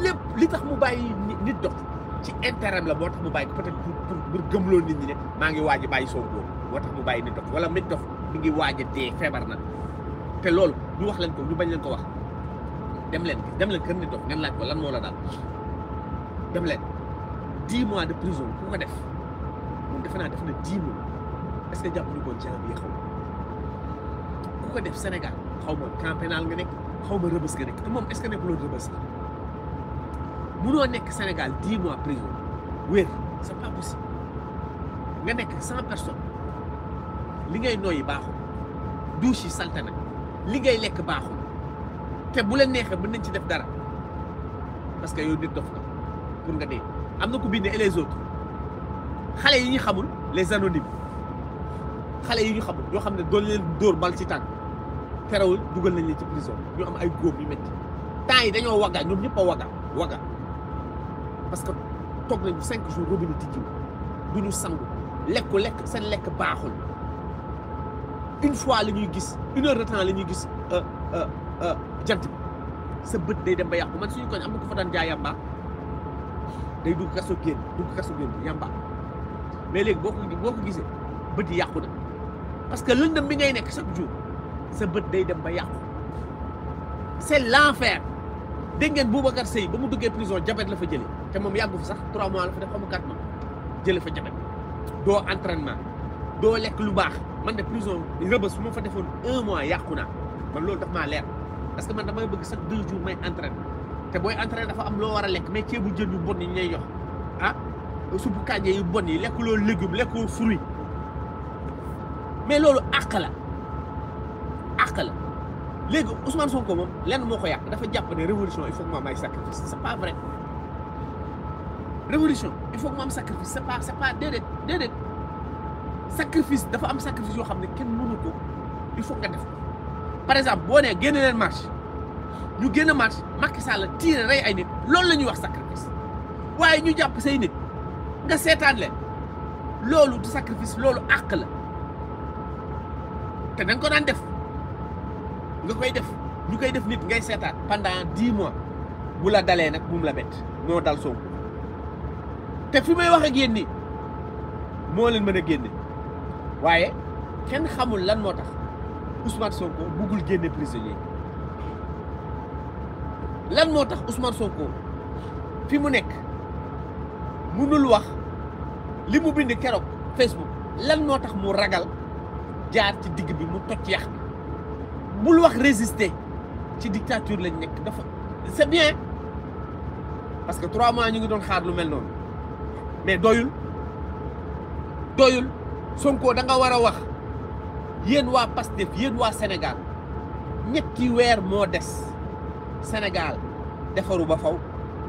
lépp li tax mu bàyyi nit dox ci intérêt la moo tax mu bàyyi peut-être pour pour gëmloo nit ngi waaj a bàyyi Sonko moo mu bàyyi nit dof wala nit dof mi ngi waaj dee feebar na te loolu ñu wax leen ko ñu bañ leen ko wax dem leen dem leen kër nit dof ngeen laaj ko lan moo la daal dem leen mois de prison ku ko def. defe naa def na dix mille est ce que jàpp ñu ko jaan xaw ku ko def Sénégal xaw ma camp nga nekk xaw ma rëbës nga nekk te moom est ce que nekkuloon rëbës la munoo nekk Sénégal dix mois prison wér c' est nga nekk cent personnes li ngay noyyi baaxul douche yi salte na li ngay lekk baaxul te bu la neexee mën nañ ci def dara parce que yow nit dof nga pour nga dee am na ku bind et les autres. xale yi ñu xamul les anonymes xale yi ñu xamul yoo xam ne dool leen dóor bal ci tànk terewul dugal nañ leen ci prison ñu am ay góob yu métti temps yi dañoo wagga ñoom ñëpp a wagga wagga parce que toog nañu cinq jours robinet tijji du ñu sangu lekku lekk seen lekk baaxul une fois la ñuy gis une heure de temps la ñuy gis euh, euh, euh, jant bi sa bët day dem ba yàqu man suñu koñ am na ko fa daan jaay yàmba day dugg kaso génn dugg kaso génn yàmba mais léegi boo ko boo ko gisee bët yi yàqu na parce que lëndëm bi ngay nekk chaque jour sa bët day dem ba yàqu c'est l'enfer dégg ngeen Boubacar Seye ba mu duggee prison jabet la fa jëlee te moom yàggu fi sax 3 mois la fa def xamu 4 mois jëlee fa jabet doo entraînement doo lekk lu baax man de prison rëbës su ma fa defoon un mois yàqu naa man loolu daf maa leer parce que man damay bëgg chaque deux jours may entraîné te booy entraîné dafa am loo war a lekk mais ceebu jën yu bon yi ñuy jox ah. supu kàjje yi bon yi lekkuloo légume lekkuloo fruit mais loolu àq la àq la léegi Ousmane ko moom lenn moo ko yàq dafa jàpp ne révolution il faut que mu am ay sacrifice c'est pas vrai révolution il faut que mu am sacrifice c'est pas c'est pas sacrifice dafa am sacrifice yoo xam ne kenn mënu ko il faut nga def par exemple boo nee génne leen marche ñu génn marche Macky Sall tiire rey ay nit loolu la ñuy wax sacrifice waaye ñu jàpp say nit nga seetaan leen loolu du sacrifice loolu àq la te danga ko daan def nga koy def ñu koy def nit ngay seetaan pendant dix mois bu la dalee nag bu mu la bett moo dal Sonko te fi may wax ak yéen moo leen mën a génne waaye kenn xamul lan moo tax Ousmane Sonko buggul génne prisonnier lan moo tax Ousmane Sonko fi mu nekk. munul wax li mu bind keroog Facebook lan moo tax mu ragal jaar ci digg bi mu toj yax bi bul wax résister ci dictature lañ nekk dafa c'est bien parce que trois mois ñu ngi doon xaar lu mel noonu mais doyul doyul Sonko da nga war a wax yéen waa Pastef yéen waa Sénégal ñetti weer moo des Sénégal defaru ba faw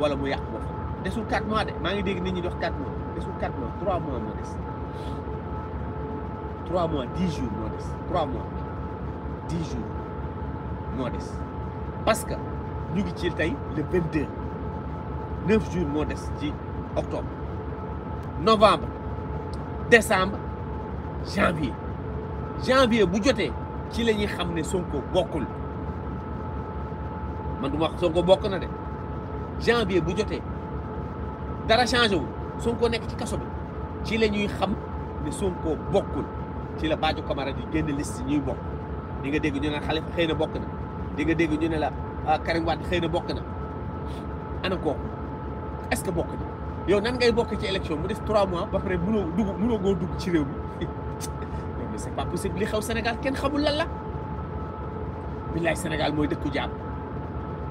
wala mu yàqu ba faw desul 4 mois de maa ngi 4 mois desul 4 mois 3 mois moo 3 mois 10 jours moo 3 mois 10 jours moo parce que nous sommes ci le 22 9 jours moo des octobre novembre décembre janvier janvier bu jotee ci la ñuy xam ne Sonko bokkul man du ma wax na de janvier bu jotee. dara changé wu Sonko nekk ci kaso bi ci la ñuy xam ne Sonko bokkul ci la baajo Camara di génn liste ñuy bokk di nga dégg ñu ne Khalifa bokk di nga dégg ñu ne la ah, Karim Wade xëy na bokk na ana kooku est-ce bokk na yow nan ngay bokk ci election mu def trois mois ba pare mënoo dugg mënoo goo dugg ci réew mi mais c'est pas possible li xew Sénégal kenn xamul lan la billaay Sénégal mooy dëkku jaam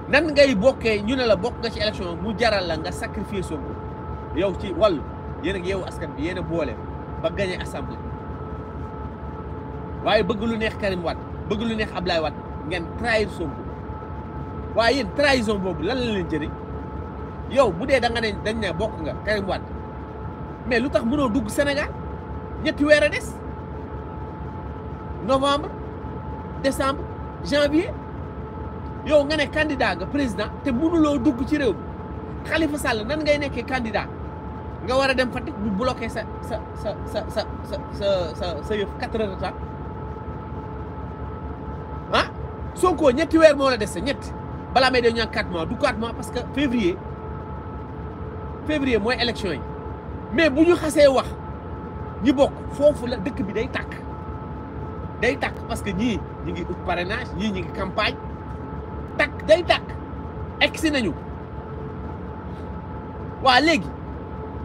nan ngay bokkee ñu ne la bokk nga ci élection mu jaral la nga sacrifier Sonko yow ci wàllu yéen ak yow askan bi yéen a boole ba gagné assemblée waaye bëgg lu neex Karim Wade bëgg lu neex ab Ablaye Wade ngeen trahir Sonko waaye yéen trahison boobu lan la leen jëriñ yow bu dee danga ne dañ ne bokk nga Karim Wade mais lu tax mënoo dugg senegal ñetti weer a des novembre décembre janvier yow nga ne candidat nga président te mënuloo dugg ci réew mi Khalifa Sall nan ngay nekkee candidat nga war a dem Fatick bu bloqué sa sa sa sa sa sa sa sa sa yëf quatre heures de temps ah Sonko ñetti weer moo la des ñetti balaa may dee ñu quatre mois du quatre mois parce que février février mooy élection yi mais bu ñu xasee wax ñi bokk foofu la dëkk bi day tàkk day tàkk parce que ñii ñi ngi ut parrainage ñii ñi ngi campagne tàkk day tàkk egsi nañu waa léegi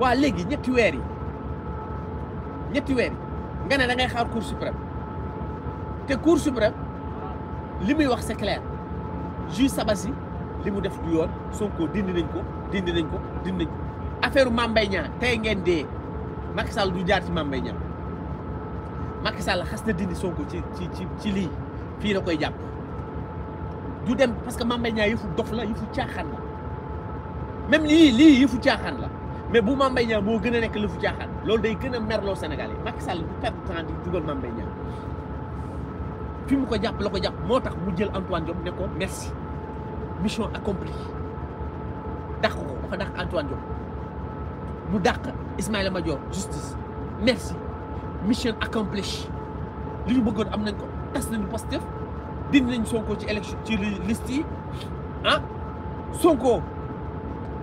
wa legui ñetti wër yi ñetti wër nga ne da ngay xaar cour suprême té cour suprême limuy wax c'est clair juge sabasi limu def du yoon Sonko dindi nañ ko dindi nañ ko dindi nañ ko affaire Mame Mbaye Niang ngeen dé Macky Sall du jaar ci mambay ñaan Macky Sall xas na dindi Sonko ci ci ci ci lii fi la koy japp du dem parce que mambay ñaan Niang dof la yëfu tiaxan la même li li yëfu tiaxan la. mais bu Mame Mbaye Niang moo gën a nekk lëfu caaxaan loolu day gën a merloo Sénégal yi Macky Sall bu perte temps di dugal Mame fi mu ko jàpp la ko jàpp moo tax mu jël Antoine Diop ne ko merci mission accomplie dàq ko dafa dàq Antoine Diop mu daq Ismaïla Madior justice merci mission accomplie li ñu bëggoon am nañ ko tas nañu Pastef dindi nañ Sonko ci élection ci liste yi ah Sonko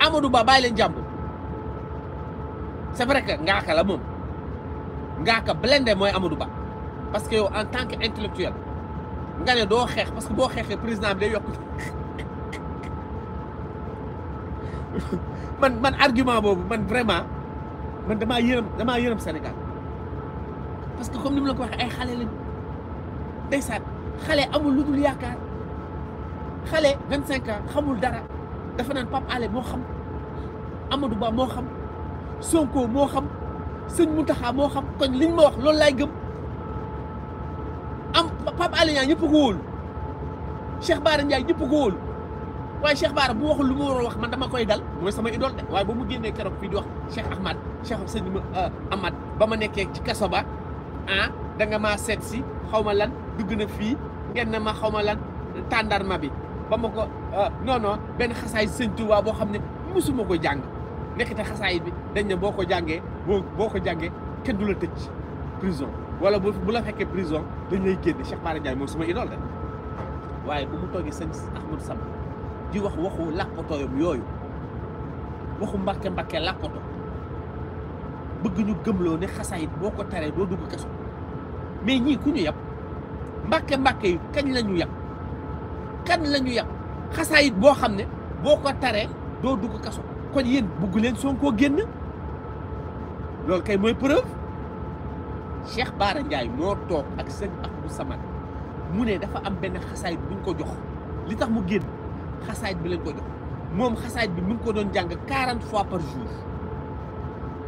Amadou Ba bàyyi leen jàmbur c'est vrai que ngaaka la moom ngaaka blende mooy Amadou Ba parce que en tant que intellectuel nga ne doo xeex parce que boo xeexee président bi day yokk man man argument boobu man vraiment man damaa yërëm damaa yërëm Sénégal parce que comme ni mu la ko waxee ay xale lañ ndeysaan xale amul lu dul yaakaar xale vingt cinq ans xamul dara dafa naan Pape Alé moo xam Amadou Ba moo xam Sonko moo xam sëñ mu Mountakha moo xam kon liñ ma wax loolu laay gëm am Pape Alé Niang ñëpp ko wóolu Cheikh Bara Ndiaye ñëpp ko wóolu waaye Cheikh Bara bu waxul lu mu war wax man dama koy dal mooy sama idole de waaye ba mu génnee keroog fii di wax Cheikh Ahmad Cheikh sëñ euh, Ahmad ba ma nekkee ci kaso ba ah da nga maa seet si xaw ma lan dugg na fii ngeen ne ma xaw ma lan tàndarma bi ba ma ko. Ah, non non Ben xasaay seigne Tuubaa bo xamné ne musuma ko jàng bi dañ boko jangé boko jangé si tecc prison wala bu la féké prison dañ lay Cheikh Bara Ndiaye mo suma idole waye bu mu toogee seigne Ahmadou sam di wax waxu waxu bëgg ñu né qui boko taré do dugg kesso mais ñi ku ñu yapp mbacké mbacké kañ lañu yapp kan lañu yapp xasaayit boo xam ne boo ko taree doo dugg kaso kon yéen bugg leen koo génn loolu kay mooy preuve Cheikh Bara Ndiaye moo toog ak sëñ Abdou Samad mu ne dafa am benn xasaayit bu ñu ko jox li tax mu génn xasaayit bi lañ ko jox moom xasaayit bi mu ngi ko doon jàng quarante fois par jour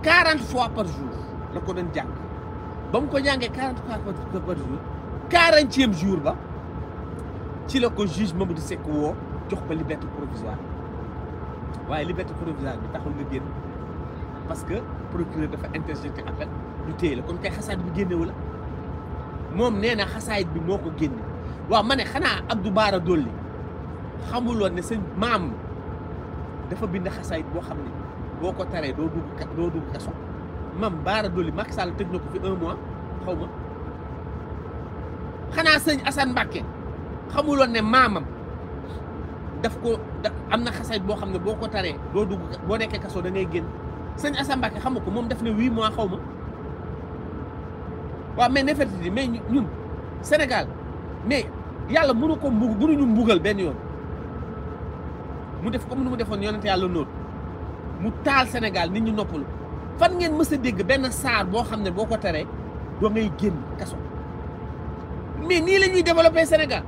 quarante fois par jour la ko doon jàng ba mu ko jàngee quarante fois par jour quarantième jour ba ci la ko juge Mamadou Seck woo jox ko liberté provisoire waaye liberté provisoire bi taxul nga génn parce que procureur dafa interjeté appel ñu téye la kon kay xasaayit bi génnewu la moom nee na xasaayit bi moo ko génne waaw ma ne xanaa Abdou Baara Dolli xamuloon ne sa maam dafa bind xasaayit boo xam ne boo ko taree doo dugg ka doo dugg kaso maam Baara Dolli Macky Sall tëj na ko fi un mois xaw ma xanaa sëñ Assane Mbacke xamuloon ne maamam. daf ko am na xasaayit boo xam ne boo ko taree boo dugg boo nekkee kaso da ngay génn sëñ Assane Mbacké xam nga ko moom def na huit mois xaw ma waaw mais Nefertiti mais ñun senegal mais yàlla mënu ko mbug mënuñu mbugal benn yoon mu def ko nu mu defoon yonent yàlla noot mu taal Sénégal nit ñu noppalu fan ngeen mës dégg benn saar boo xam ne boo ko taree doo ngay génn kaso mais nii la ñuy développé Sénégal.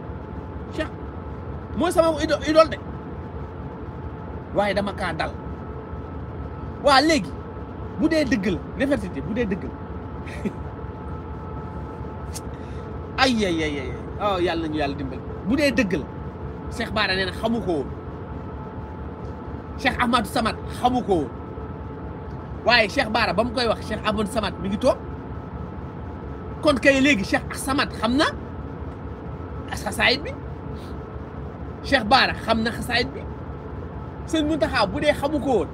mooy sama idole de waaye dama kaa dal waa léegi bu dee dëgg la néfertiti bu dee dëgg la ay ay ay ay oh yàlla nañu yàlla dimbal bu dee dëgg la Cheikh Bara nee na xamu ko woon Cheikh Ahmadou Samad xamu ko woon waaye Cheikh Bara ba mu koy wax Cheikh Ahmadou Samad mi ngi toog kon kay léegi Cheikh Samad xam na xasaayit bi Cheikh Bara xam na bi sëñ Moutakha bu ko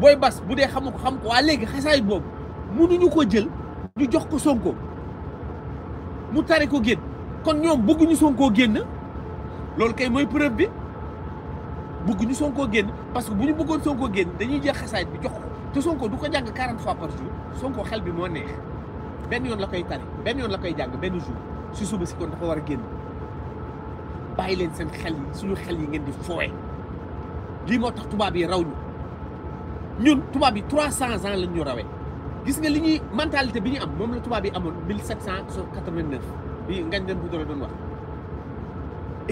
woon vous ko ko xam ko waa léegi xasaayit boobu ko jël ñu jox ko Sonko mu ko kon Sonko kay preuve bi ñu Sonko parce que buñu bëggoon Sonko génn dañuy jël bi jox 40 fois par jour Sonko xel bi neex yoon la koy jour si suba si kon dafa wara bàyyi leen seen xel yi suñu xel yi ngeen di fooye lii moo tax tubaab yi raw ñu ñun tubaab yi trois cents ans lañ ñu rawee gis nga li ñuy mentalité bi ñu am moom la tubaab yi amoon mille sept cent quatre-vingt-neuf bi ngañ leen bu doro doon wax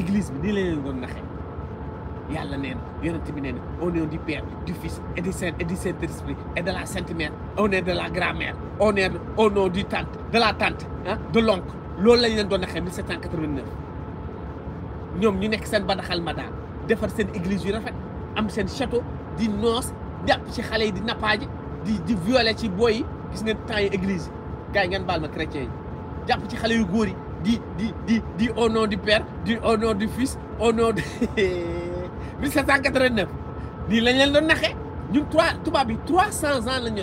église bi nii la leen doon naxee yàlla nee na yonent bi nee na au nom du Père du Fils et du Saint et du Saint-Esprit et de la Sainte Mère on est de la grand-mère on est au nom du tante de la tante ah de l'oncle loolu lañ leen doon naxee mille ñom ñu nek seen badaxal ma l'Église. seen église yu rafet am seen château di noos jàpp ci xalé yi di napaji di di violer ci boy gis ngeen temps église ngeen chrétien ci yu di di di di au nom du père du au du fils au nom de 1789 di lañ leen doon naxé ñun trois tuba bi ans lañu ñu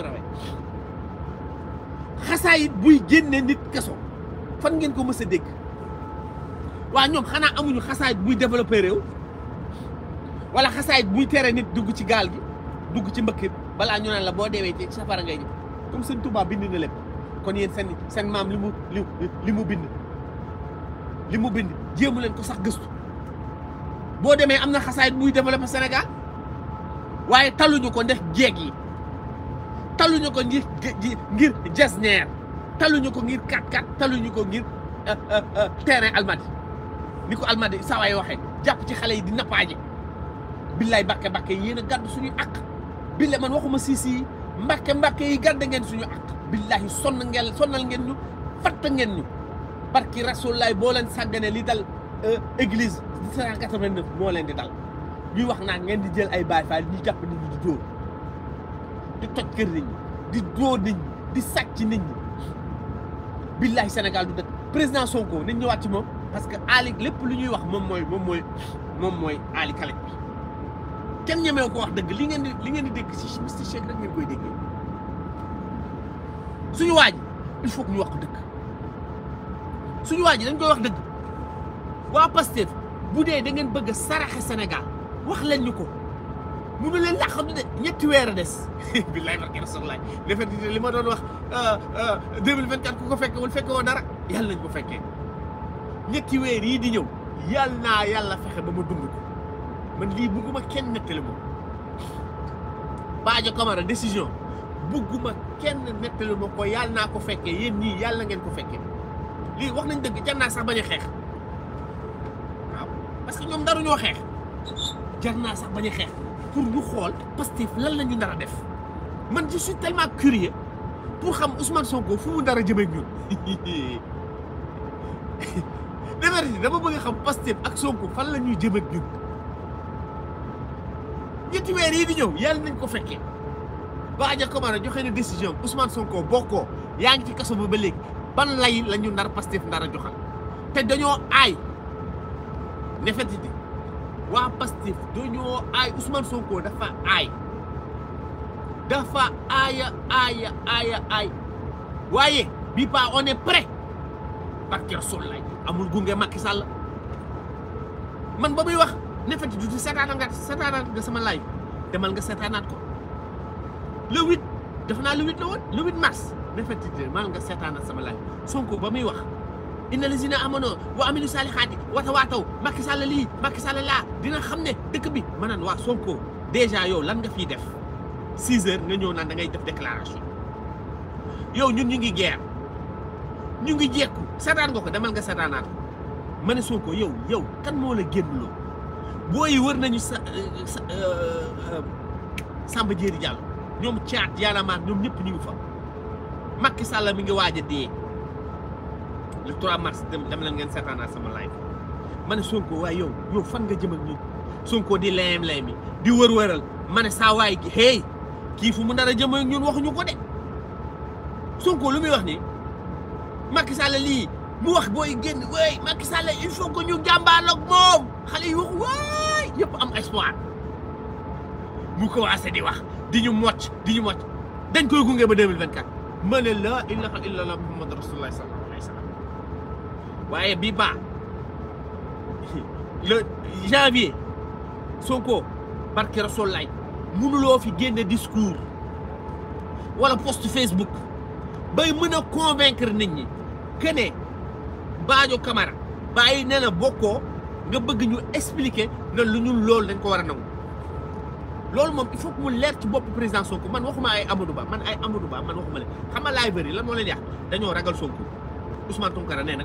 yi buy génné nit kasso fan ngeen ko dégg waa ñoom xanaa amuñu xasaay buy développé réew wala xasaay buy tere nit dugg ci gaal gi dugg ci mbëkkit balaa ñu naan la boo demee ci safara ngay jëm comme sëñ Touba bind na lépp kon yéen seen seen maam li mu li mu bind li mu bind jéemu leen ko sax gëstu boo demee am na xasaay buy développé Sénégal waaye taluñu ko ndax jéeg yi taluñu ko ngir ngir jesneer taluñu ko ngir kat kat taluñu ko ngir euh, euh, euh, terrain almadi ni ko Almadi sawaay waxee jàpp ci xale yi di nappaaje billaay mbàkke mbàkke yi yéen a gàdd suñu àq billaay man waxuma si si mbàkke mbàkke yi gàdd ngeen suñu àq billaahi sonn ngeen sonnal ngeen ñu fatt ngeen ñu barki rasulaay boo leen sàgganee li dal euh, église 1789 moo leen di dal ñuy wax naa ngeen di jël ay baay faal ñuy jàpp nit ñi di dóor di toj kër nit ñi di dóor nit ñi di sàcc nit ñi billahi Sénégal du dëkk président Sonko nit ñëwaat ci moom parce que Ali lépp lu ñuy wax moom mooy moom mooy moom mooy Ali Kalek bi kenn ñemeewu ko wax dëgg li ngeen di li ngeen di dégg si Mister Shake rek ngeen koy déggee suñu waaj il faut que ñu wax ko dëgg suñu waaj dañ koy wax dëgg waa Pastef bu dee da ngeen bëgg a saraxe Sénégal wax leen ñu ko mënu leen làqatu de ñetti weer a des billahi barke rasulaay defe li ma doon wax 2024 euh, euh, ku ko fekkewul fekkewoo dara yàlla nañ ko fekkee ñetti weer yii di ñëw yal naa yàlla fexe ba ma dund ko man lii bugguma kenn nettali moom Badio Camara décision bugguma kenn nettali ma ko yal naa ko fekkee yéen ñii yàlla ngeen ko fekkee lii wax nañ dëgg jar naa sax bañ a xeex que ñoom daruñoo xeex jar naa bañ a pour ñu xool Pastef lan la ñu nar a def man je suis tellement pour xam Ousmane Sonko fu mu dara jëmee ak ñun déwén yi dama bëgg xam Pastef ak Sonko fan la ñuy jëm ak weer yii di ñëw yàlla nañ ko fekkee Bah Diakhomara joxe na décision Ousmane Sonko bokkoo yaa ngi ci kaso ba ba léegi ban lay la ñu nar Pastef ndara joxal te dañoo aay nefetiti waa Pastef dañoo aay Ousmane Sonko dafa aay dafa aaya aaya aaya aay waaye bi pa on parce barke Rasulullaay amul gunge Macky Sall man ba muy wax ne fa du seetaanaat nga seetaanaat nga sama laay demal nga seetaanaat ko le 8 naa le 8 la woon le 8 mars ne fa demal nga seetaanaat sama laay Sonko ba muy wax. inna lazina amanoo wa amilu saalihaati wata waataw Macky Sall lii Macky Sall laa dina xam ne dëkk bi ma naan waa Sonko déjà yow lan nga fiy def 6 heures nga ñëw naan dangay def déclaration yow ñun ñu ngi guerre. ñu ngi jekku seetaan nga ko demal nga seetaanaat mane ma ne yow yow kan moo la génn loo booy wër nañu sa euh, euh, Samba Diéry Diallo ñoom caat yàllamaan ñoom ñëpp ñu ngi fa Macky Sall mi ngi waaja a dee le 3 mars dem dem ngeen seetaanaat sama live ma ne Sonko waaye yow yow fan nga jëm ak ñun Sonko di layam layam yi di wër-wëral ma ne saa waay gi hey kii fu mu nar a ñun waxuñu ko de Sonko lu muy wax nii. Macky Sall li mu wax boy genn way Macky Sall il faut que ñu jàmbaarloog moom mom xali wax way ya, ñëpp am espoir mu ko commencé di wax di ñu mocc di ñu mocc dañ koy gungé ba 2024 ma ne la illa allah muhammad rasulullah sallallahu alaihi wasallam waye ya, bi ba le janvier Sonko barke rasulullah mënuloo fi genn discours wala post Facebook bay meuna convaincre nit ñi kene Badio kamara bàyyi ne la bokkoo nga bëgg ñu expliquer na lu ñu loolu dañ ko war a nangu loolu moom il faut mu leer ci bopp président Sonko man waxuma ay Amadou Ba man ay Amadou Ba man waxuma leen xam nga laay bëri lan moo leen dañoo ragal Sonko Ousmane Tounkara nee na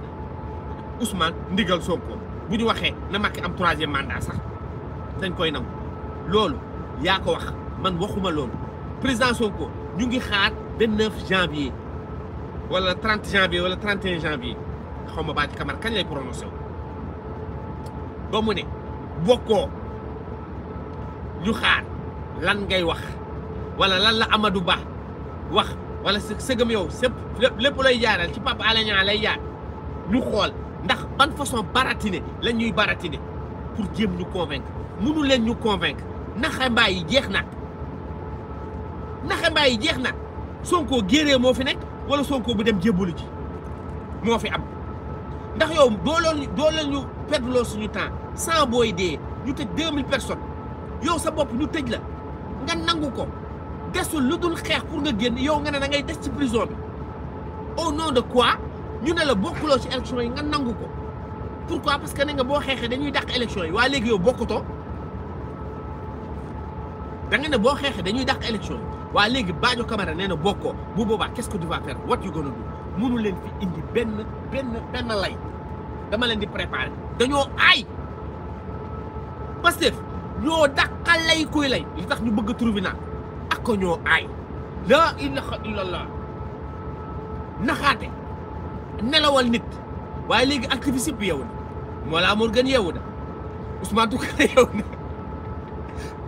Ousmane ndigal Sonko bu di waxee na Macky am troisième mandat sax dañ koy nangu loolu yaa ko wax man waxuma loolu président Sonko ñu ngi xaar 29 janvier. le 30 janvier le 31 janvier Je ne sais pas lay prononcé ne ñu xaar lan ngay wax wala lan la Voilà Ba wax wala sëgëm yow sëpp lépp lay façon baratine la ñuy pour nous nous convaincre nous leen nous convaincre wala Sonko bu dem jébbalu ci moo fi am ndax yow doo leen doo leen ñu perdloo suñu temps sans booy dee ñu tëj 2000 personnes yow sa bop ñu tej la nga nangu ko desul lu dul pour nga genn yow nga ne da ngay des ci prison bi au nom de quoi ñu ne la bokkuloo ci élection yi nga nangu ko pourquoi parce que ne nga bo xexé dañuy dàq élection yi wa léegi yow bokkutoo da nga ne bo xexé dañuy dàq élection yi waa léegi Badio Camara nee na bokkoo bu boobaa qu'est-ce que tu vas faire what you gonna do mënu leen fi indi benn benn benn lay dama leen di préparer dañoo aay Pastef ñoo dàqa lay kuy lay li tax ñu bëgg a trouver naan ak ko ñoo aay laa ilaha illallah naxaate nelawal nit waaye léegi activiste yëpp yow na Mollah Morgun yow na Ousmane Tounkara yow na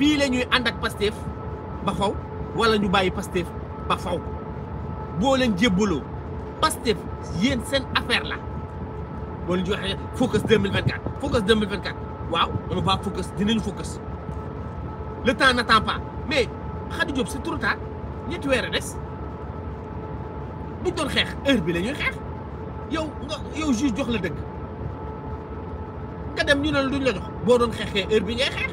pii la ñuy ànd ak Pastef ba faw wala ñu bàyyi Pastef ba faw boo leen jébbaloo Pastef yéen seen affaire la boo leen di waxee focus 2024 focus 2024 waaw on va dina dinañu focus le temps n'attend pas mais Khady Diop c'est trop ñetti weer a des buñ doon xeex heure bi la xeex yow nga yow juge jox la dëgg nga dem ñu ne la duñ la jox boo doon xeexee heure bi ngay xeex.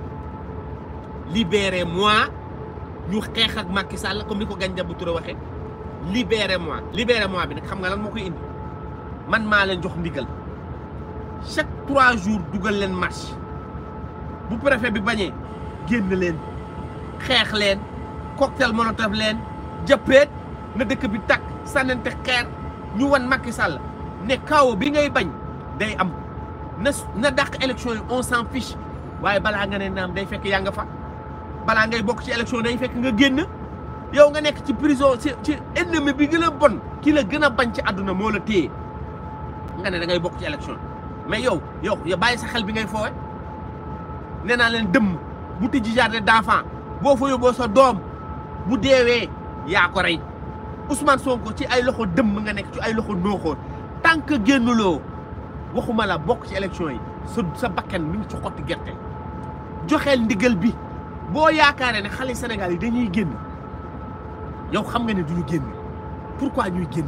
libérez-moi ñu xeex ak Macky Sall comme ni ko Gagny Demba Touré waxee libérez-moi libérez-moi bi nag xam nga lan moo koy indi man maa leen jox ndigal chaque trois jours dugal leen marché bu préfet bi bañee génn leen xeex leen cocktail molotov leen jëppeet na dëkk bi takk sànnante xeer ñu wan Macky Sall ne kaw bi ngay bañ day am na na dàq élection yi on s'en fiche waaye balaa nga ne naam day fekk yaa nga fa. balaa ngay bokk ci élection dañ fekk nga génn yow nga nekk ci prison ci ci ennemi bi gën a bon kii la gën a bañ ci àdduna moo la téye nga ne da ngay bokk ci élection mais yow yow ya bàyyi sa xel bi ngay foowe nee naa leen dëmm bu tijji jardin d'enfant boo fa yóbboo sa doom bu deewee yaa ko rey Ousmane Sonko ci ay loxo dëmm nga nekk ci ay loxo nooxoon tant que génnuloo waxuma la bokk ci élection yi sa sa bakkan mi ngi ci xotti gerte joxeel ndigal bi boo yaakaaree ne xale Sénégal yi dañuy génn yow xam nga ne duñu génn pourquoi ñuy génn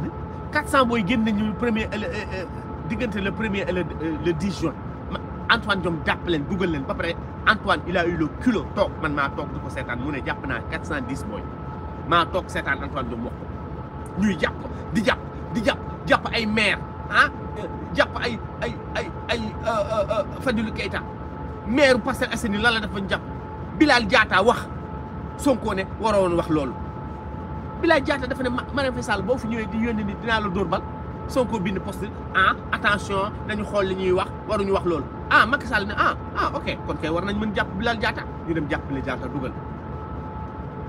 400 booy génn nañu premier euh, euh, euh, diggante le premier le le 10 juin Antoine Diome jàpp leen dugal leen ba pare Antoine il a eu le culot toog man maa toog di ko seetaan mu ne jàpp naa 410 booy maa toog seetaan Antoine Diome wax ko ñuy jàpp di jàpp di jàpp jàpp ay maire ah jàpp ay ay ay ay Fadilou Keita maire Parcelles Assainies lan la dafa jàpp. Bilal Diatta wax Sonko ne waroon wax loolu Bilal Diatta dafa ne Marième Faye Sall boo fi ñëwee di yónni ni dinaa la dóor bal Sonko bind poste ah attention dañu xool li ñuy wax waruñu wax loolu ah Macky Sall ne ah ah ok kon kay war nañ mën jàpp Bilal Diatta ñu dem jàpp Bilal Diatta dugal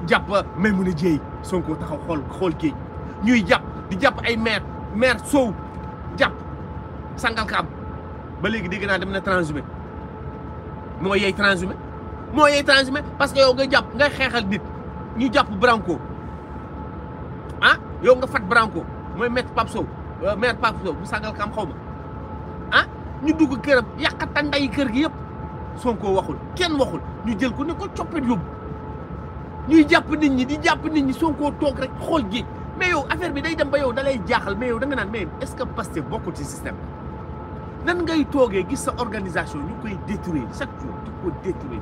jàpp may mun a jéey Sonko taxaw xool xool géej ñuy jàpp di jàpp ay maire maire Sow jàpp Sangalkam ba léegi dégg naa dem na transhumé moo yey transhumé moyen transhumé parce que yow nga japp nga xeexal nit ñu japp Branco ah yow nga fat Branco moy maître papso, euh, met papso, bu sàngal kam xawma ah ñu dugg këram yàqata nday kër gi yëpp Sonko waxul kenn waxul ñu jël ko ne ko coppet yob ñuy japp nit ñi di japp nit ñi Sonko tok rek xol gi mais yow affaire bi day dem ba yow dalay jaxal mais yow da nga nan mais est-ce que passé bokku ci système nan ngay toogee gis sa organisation ñukoy détruire chaque jour ko détruire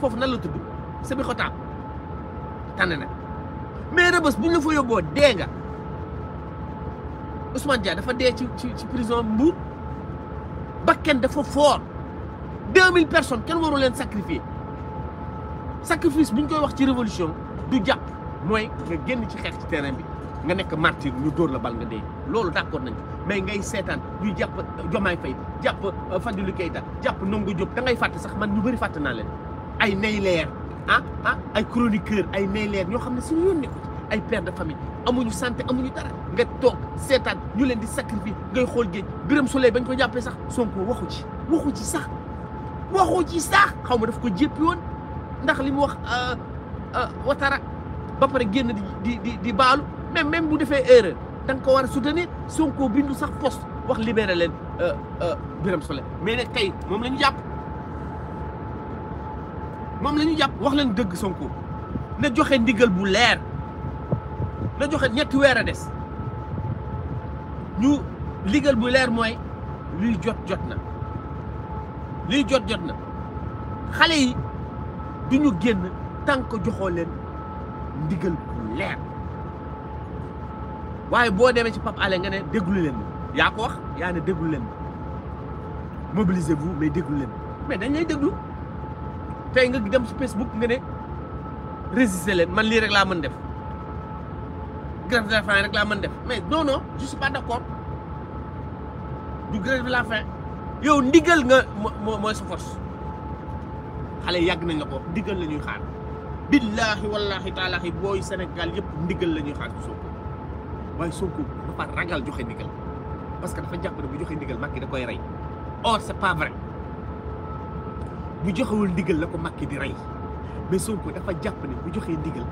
foofu nan la tudd Sébikotane tànn na mais Rebeuss bu ñu la fa yóbboo dee nga Ousmane Dia dafa dee ci ci prison Mbour bakken dafa foor deux mille personnes kenn waru leen sacrifier sacrifice bu ñu koy wax ci révolution du jàpp mooy nga génn ci xeex ci terrain bi nga nekk martyr ñu dóor la bal nga dee loolu d'accord nañ mais ngay seetaan ñu jàpp Jomaay Faye jàpp euh, Fadilou Keita jàpp Ndongo Diop da ngay fàtte sax man ñu bëri fàtte naa leen ay neyleer ah ah ay chroniqueur ay neyleer ñoo xam ne suñu yoon nekku ay père de famille amuñu santé amuñu dara nga toog seetaan ñu leen di sacrifier ngay xool géej Birame Souleye bañ ko jàppee sax Sonko waxu ci waxu ci sax waxu ci sax xaw ma daf ko jéppi woon ndax li mu wax euh, euh, Ouattara ba pare génn di di di baalu mais même bu defee erreur da ko war a soutenir Sonko bindu sax post wax libéré leen euh, Birame Souleye mais tey moom la jàpp. moom la ñu jàpp wax leen dëgg Sonko na joxe ndiggal bu leer na joxe ñetti weer a des ñu ligal bu leer mooy luy jot jot na luy jot jot na xale yi du ñu génn tànk joxoo leen ndigal bu leer waaye boo demee ci Pape Alé nga ne déglu leen yaa ko wax yaa ne déglu leen mobilisez-vous mais déglu leen mais dañ lay déglu. tey nga dem su Facebook nga ne résister leen man lii rek laa mën def grève de la rek laa mën def mais non non je suis pas d' du grève de la faim yow ndigal nga moo mooy sa force xale yàgg nañ la ko ndigal la ñuy xaar billaahi wallaahi taalaahi booy Sénégal yëpp ndigal la ñuy xaar ci Sonko waaye Sonko dafa ragal joxe ndigal parce que dafa jàpp ne bu joxe ndigal Macky da koy rey or c' bu joxewul ndigal la ko makki di rey mais Sonko dafa jàpp ne bu joxee ndigal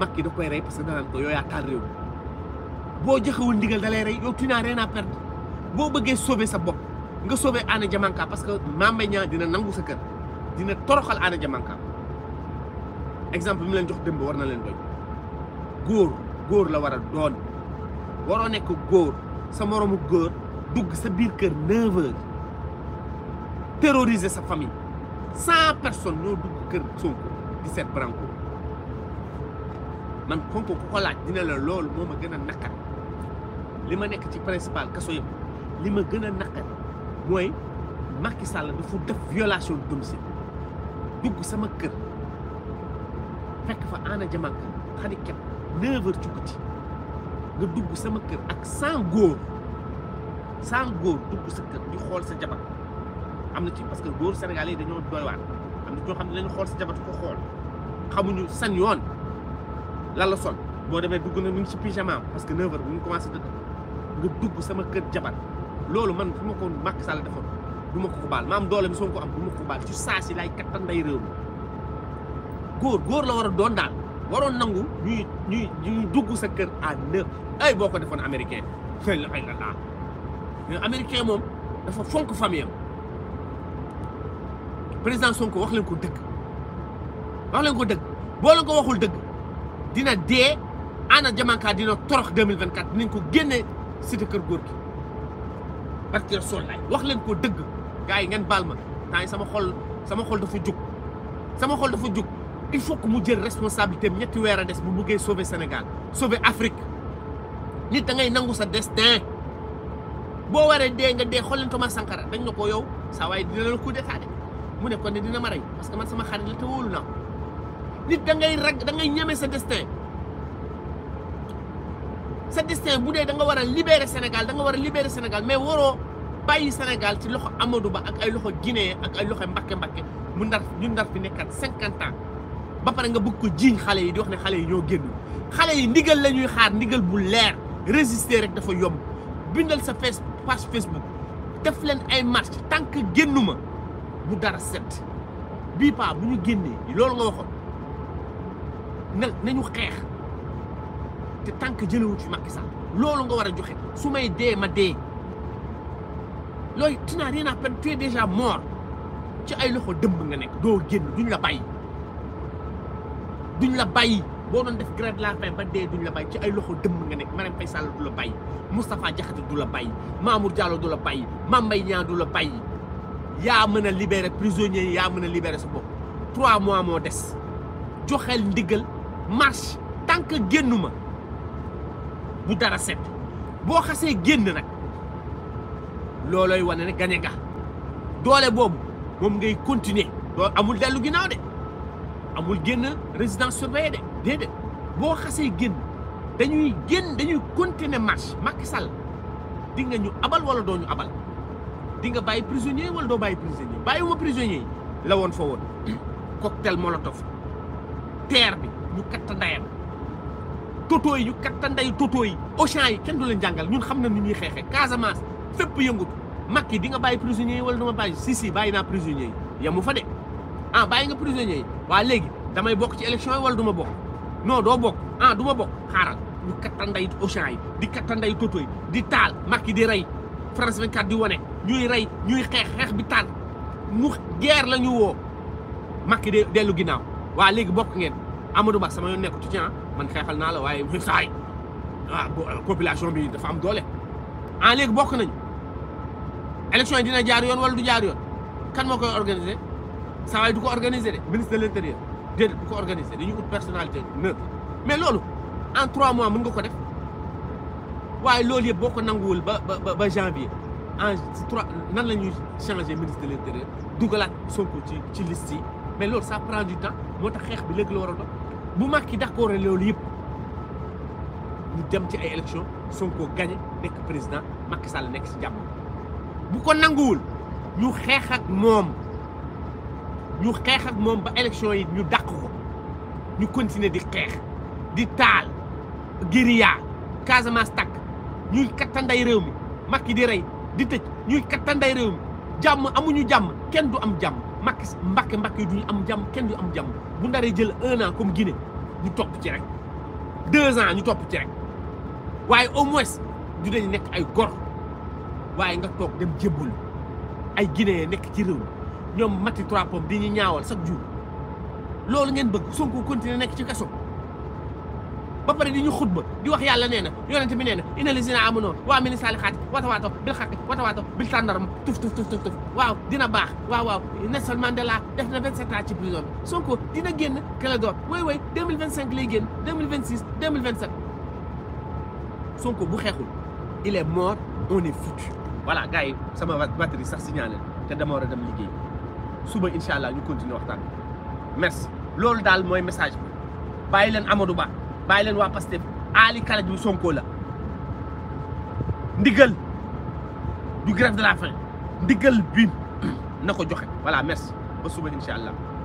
Macky da koy rey parce que danaan ko yow yaa taal réew boo joxewul ndigal da lay rey yow tu n'as rien boo bëggee sauver sa bopp nga sauver Anna Diamanka parce que Mame Mbaye Niang dina nangu sa kër dina toroxal Anna Diamanka exemple bi mu leen jox démb war na leen doy góor góor la war a doon waroo nekk góor sa moroomu góor dugg sa biir kër 9 heures terroriser sa famille. cent personne ñoo dugg kër Sonko di seet Branco man Sonko ku dina la loolu moo ma gën a naqar li ma nekk ci principal kaso yëpp li ma gën a naqar mooy Macky Sall dafa def violation domicile dugg sama kër fekk fa Anna Diamanka xani kepp neuf heures ci guddi nga dugg sama kër ak cent góor cent góor dugg sa kër di xool sa jabar am na ci parce que góor Sénégal yi dañoo doy waar am na ñoo xam ne dañu xool si jabar ko xool xamuñu san yoon lan la sol boo demee dugg na mu ngi si pyjama parce que 9h bu dugg sama kër jabar loolu man fu ma ko Macky Sall defoon duma ma ko ko baal maam doole soo ko am du ma ko baal ci saa si laay kattan day réew mi góor góor la war a doon daal waroon nangu ñuy ñuy ñuy dugg sa kër à neuf ay boo ko defoon américain xëy na xëy na américain moom dafa fonk famille président Sonko wax leen ko deug wax leen ko deug bo leen ko waxul deug dina dé Anna jamanka dina torox 2024 dinañ ko génne cité kër góor gi barke sollaay wax leen ko dëgg gars yi ngeen baal ma temps yi sama xol sama xol dafa juk sama xol dafa juk il faut que mu jël responsabilité ñetti weer bu bëggé sauver Sénégal sauver Afrique nit da ngay nangu sa destin bo waré dé nga dee xool leen Thomas Sankara dañ nako yow sa way dina la coup détaalé mu ne kon ne dina ma rey parce que man sama xarit la te wóolu na nit da ngay rag dangay ngay sa destin sa destin bu dee da nga war a libérer Sénégal da war a libere Sénégal mais waroo bàyyi Sénégal ci loxo Amadou Ba ak ay loxo Guinée ak ay loxo Mbakke Mbakke mu ndar ñu ndar fi nekkat cinquante ans ba pare nga bëgg ko jiiñ xale yi di wax ne xale yi ñoo génn xale yi ndigal la ñuy xaar ndigal bu leer résister rek dafa yomb bindal sa face page Facebook def leen ay marche tant que ma bu dara set bii paa bu ñu génnee loolu nga waxoon na nañu xeex te tànk jëlewul ci Macky Sall loolu nga war a joxe su may dee ma dee looy tu n'as rien à perdre tu es déjà mort ci ay loxo dëmb nga nekk doo génn duñ la bàyyi duñ la bàyyi boo doon def grève la faim ba dee duñ la bàyyi ci ay loxo dëmm nga nekk Marème Faye Sall du la bàyyi Moustapha Diakhaté du la bàyyi Mamour Diallo du la bàyyi Mame Mbaye du la bàyyi yaa mën a libérer prisonniers yi yaa mën a libérer sa bopp trois mois moo des joxeel ndigal marche tant que génnu ma bu dara set boo xasee génn nag loolooy wane ne gañe doole boobu moom ngay continuer doo amul dellu ginnaaw de amul génn résidence surveillée de déedéet boo xasee génn dañuy génn dañuy continuer marche Macky Sall di nga ñu abal wala doo ñu abal di nga bàyyi prisonnier wala doo bàyyi prisonnier bàyyiwuma prisonnier yi la woon fa woon cocktail molotov terre bi ñu katta ndayam toto yi ñu katta nday toto yi Auchan yi kenn du leen jàngal ñun xam na ni ñuy xeexee Casamance fépp yëngut Macky di nga bàyyi prisonnier yi wala dama bàyyi si bàyyi naa prisonnier yi yamu fa de ah bàyyi nga prisonnier yi waa léegi damay bokk ci élection yi wala du bokk non doo bokk ah duma bokk xaaral ñu yi di katta nday toto di taal Macky di rey France 24 di wane ñuy rey ñuy xeex xeex bi tànn mu guerre la ñu woo Macky de dellu ginnaaw waa léegi bokk ngeen Amadou Ba sama yoon nekk ci ah man xeexal naa la waaye saay waaw ah, population bi dafa am doole ah léegi bokk nañu élection yi dina jaar yoon wala du jaar yoon kan ma koy organiser saa waay du ko organiser de ministre de l' intérieur déedéet du ko organiser dañuy ut personnalité neutre mais loolu en trois mois mën nga ko def. waaye loolu yëpp boo ko ba ba janvier en trois nan la ñuy changer ministre de l'intérieur dugalaat Sonko ci ci liste mais loolu ça prend du temps moo tax xeex bi léegi la war a doon bu Macky d'accord loolu yëpp ñu dem ci ay élection Sonko gagné nekk président Macky Sall nekk si jàmm bu ko n'angoul. ñu xeex ak moom ñu xeex ak moom ba élection yi ñu dàq ko ñu continuer di xeex di taal guérilla Casamance ñuy kattanday réew mi Macky di rey di tëj ñuy kattanday réew mi jàmm amuñu jàmm kenn du am jàmm Macky Mbacké Mbacké duñu am jàmm kenn du am jàmm bu ndaree jël un an comme Guinée ñu topp ci rek deux ans ñu topp ci rek waaye au moins du dañ nekk ay gor waaye nga toog dem jébbal ay Guinée nekk ci réew mi ñoom matti trois di ñu ñaawal chaque jour loolu ngeen bëgg Sonko continuer nekk ci kaso ba pare di ñu xutba di wax yàlla neena yonent bi neena inna lizina amuno wa min amilu salihati watawaato bil haqq xaqi watawaato bil tandarm tuf tuf tuf tuf tuf waaw dina bax waaw waaw Nelson Mandela def na 27 ans ci prison Sonko dina génn kala do way way 2025 lay génn 2026 2027 Sonko bu xexul il est mort on est foutu voilà gars sama batterie sax signaler te dama wara dem liguey suba inshallah ñu continue waxtan merci lolou dal moy message bi bàyyi leen Amadou Ba. bàyyi leen waa Pastef Ali Kalidou Sonko la ndigal du grève de la faim ndigal bi na ko joxe voilà merci ba suba incha allah.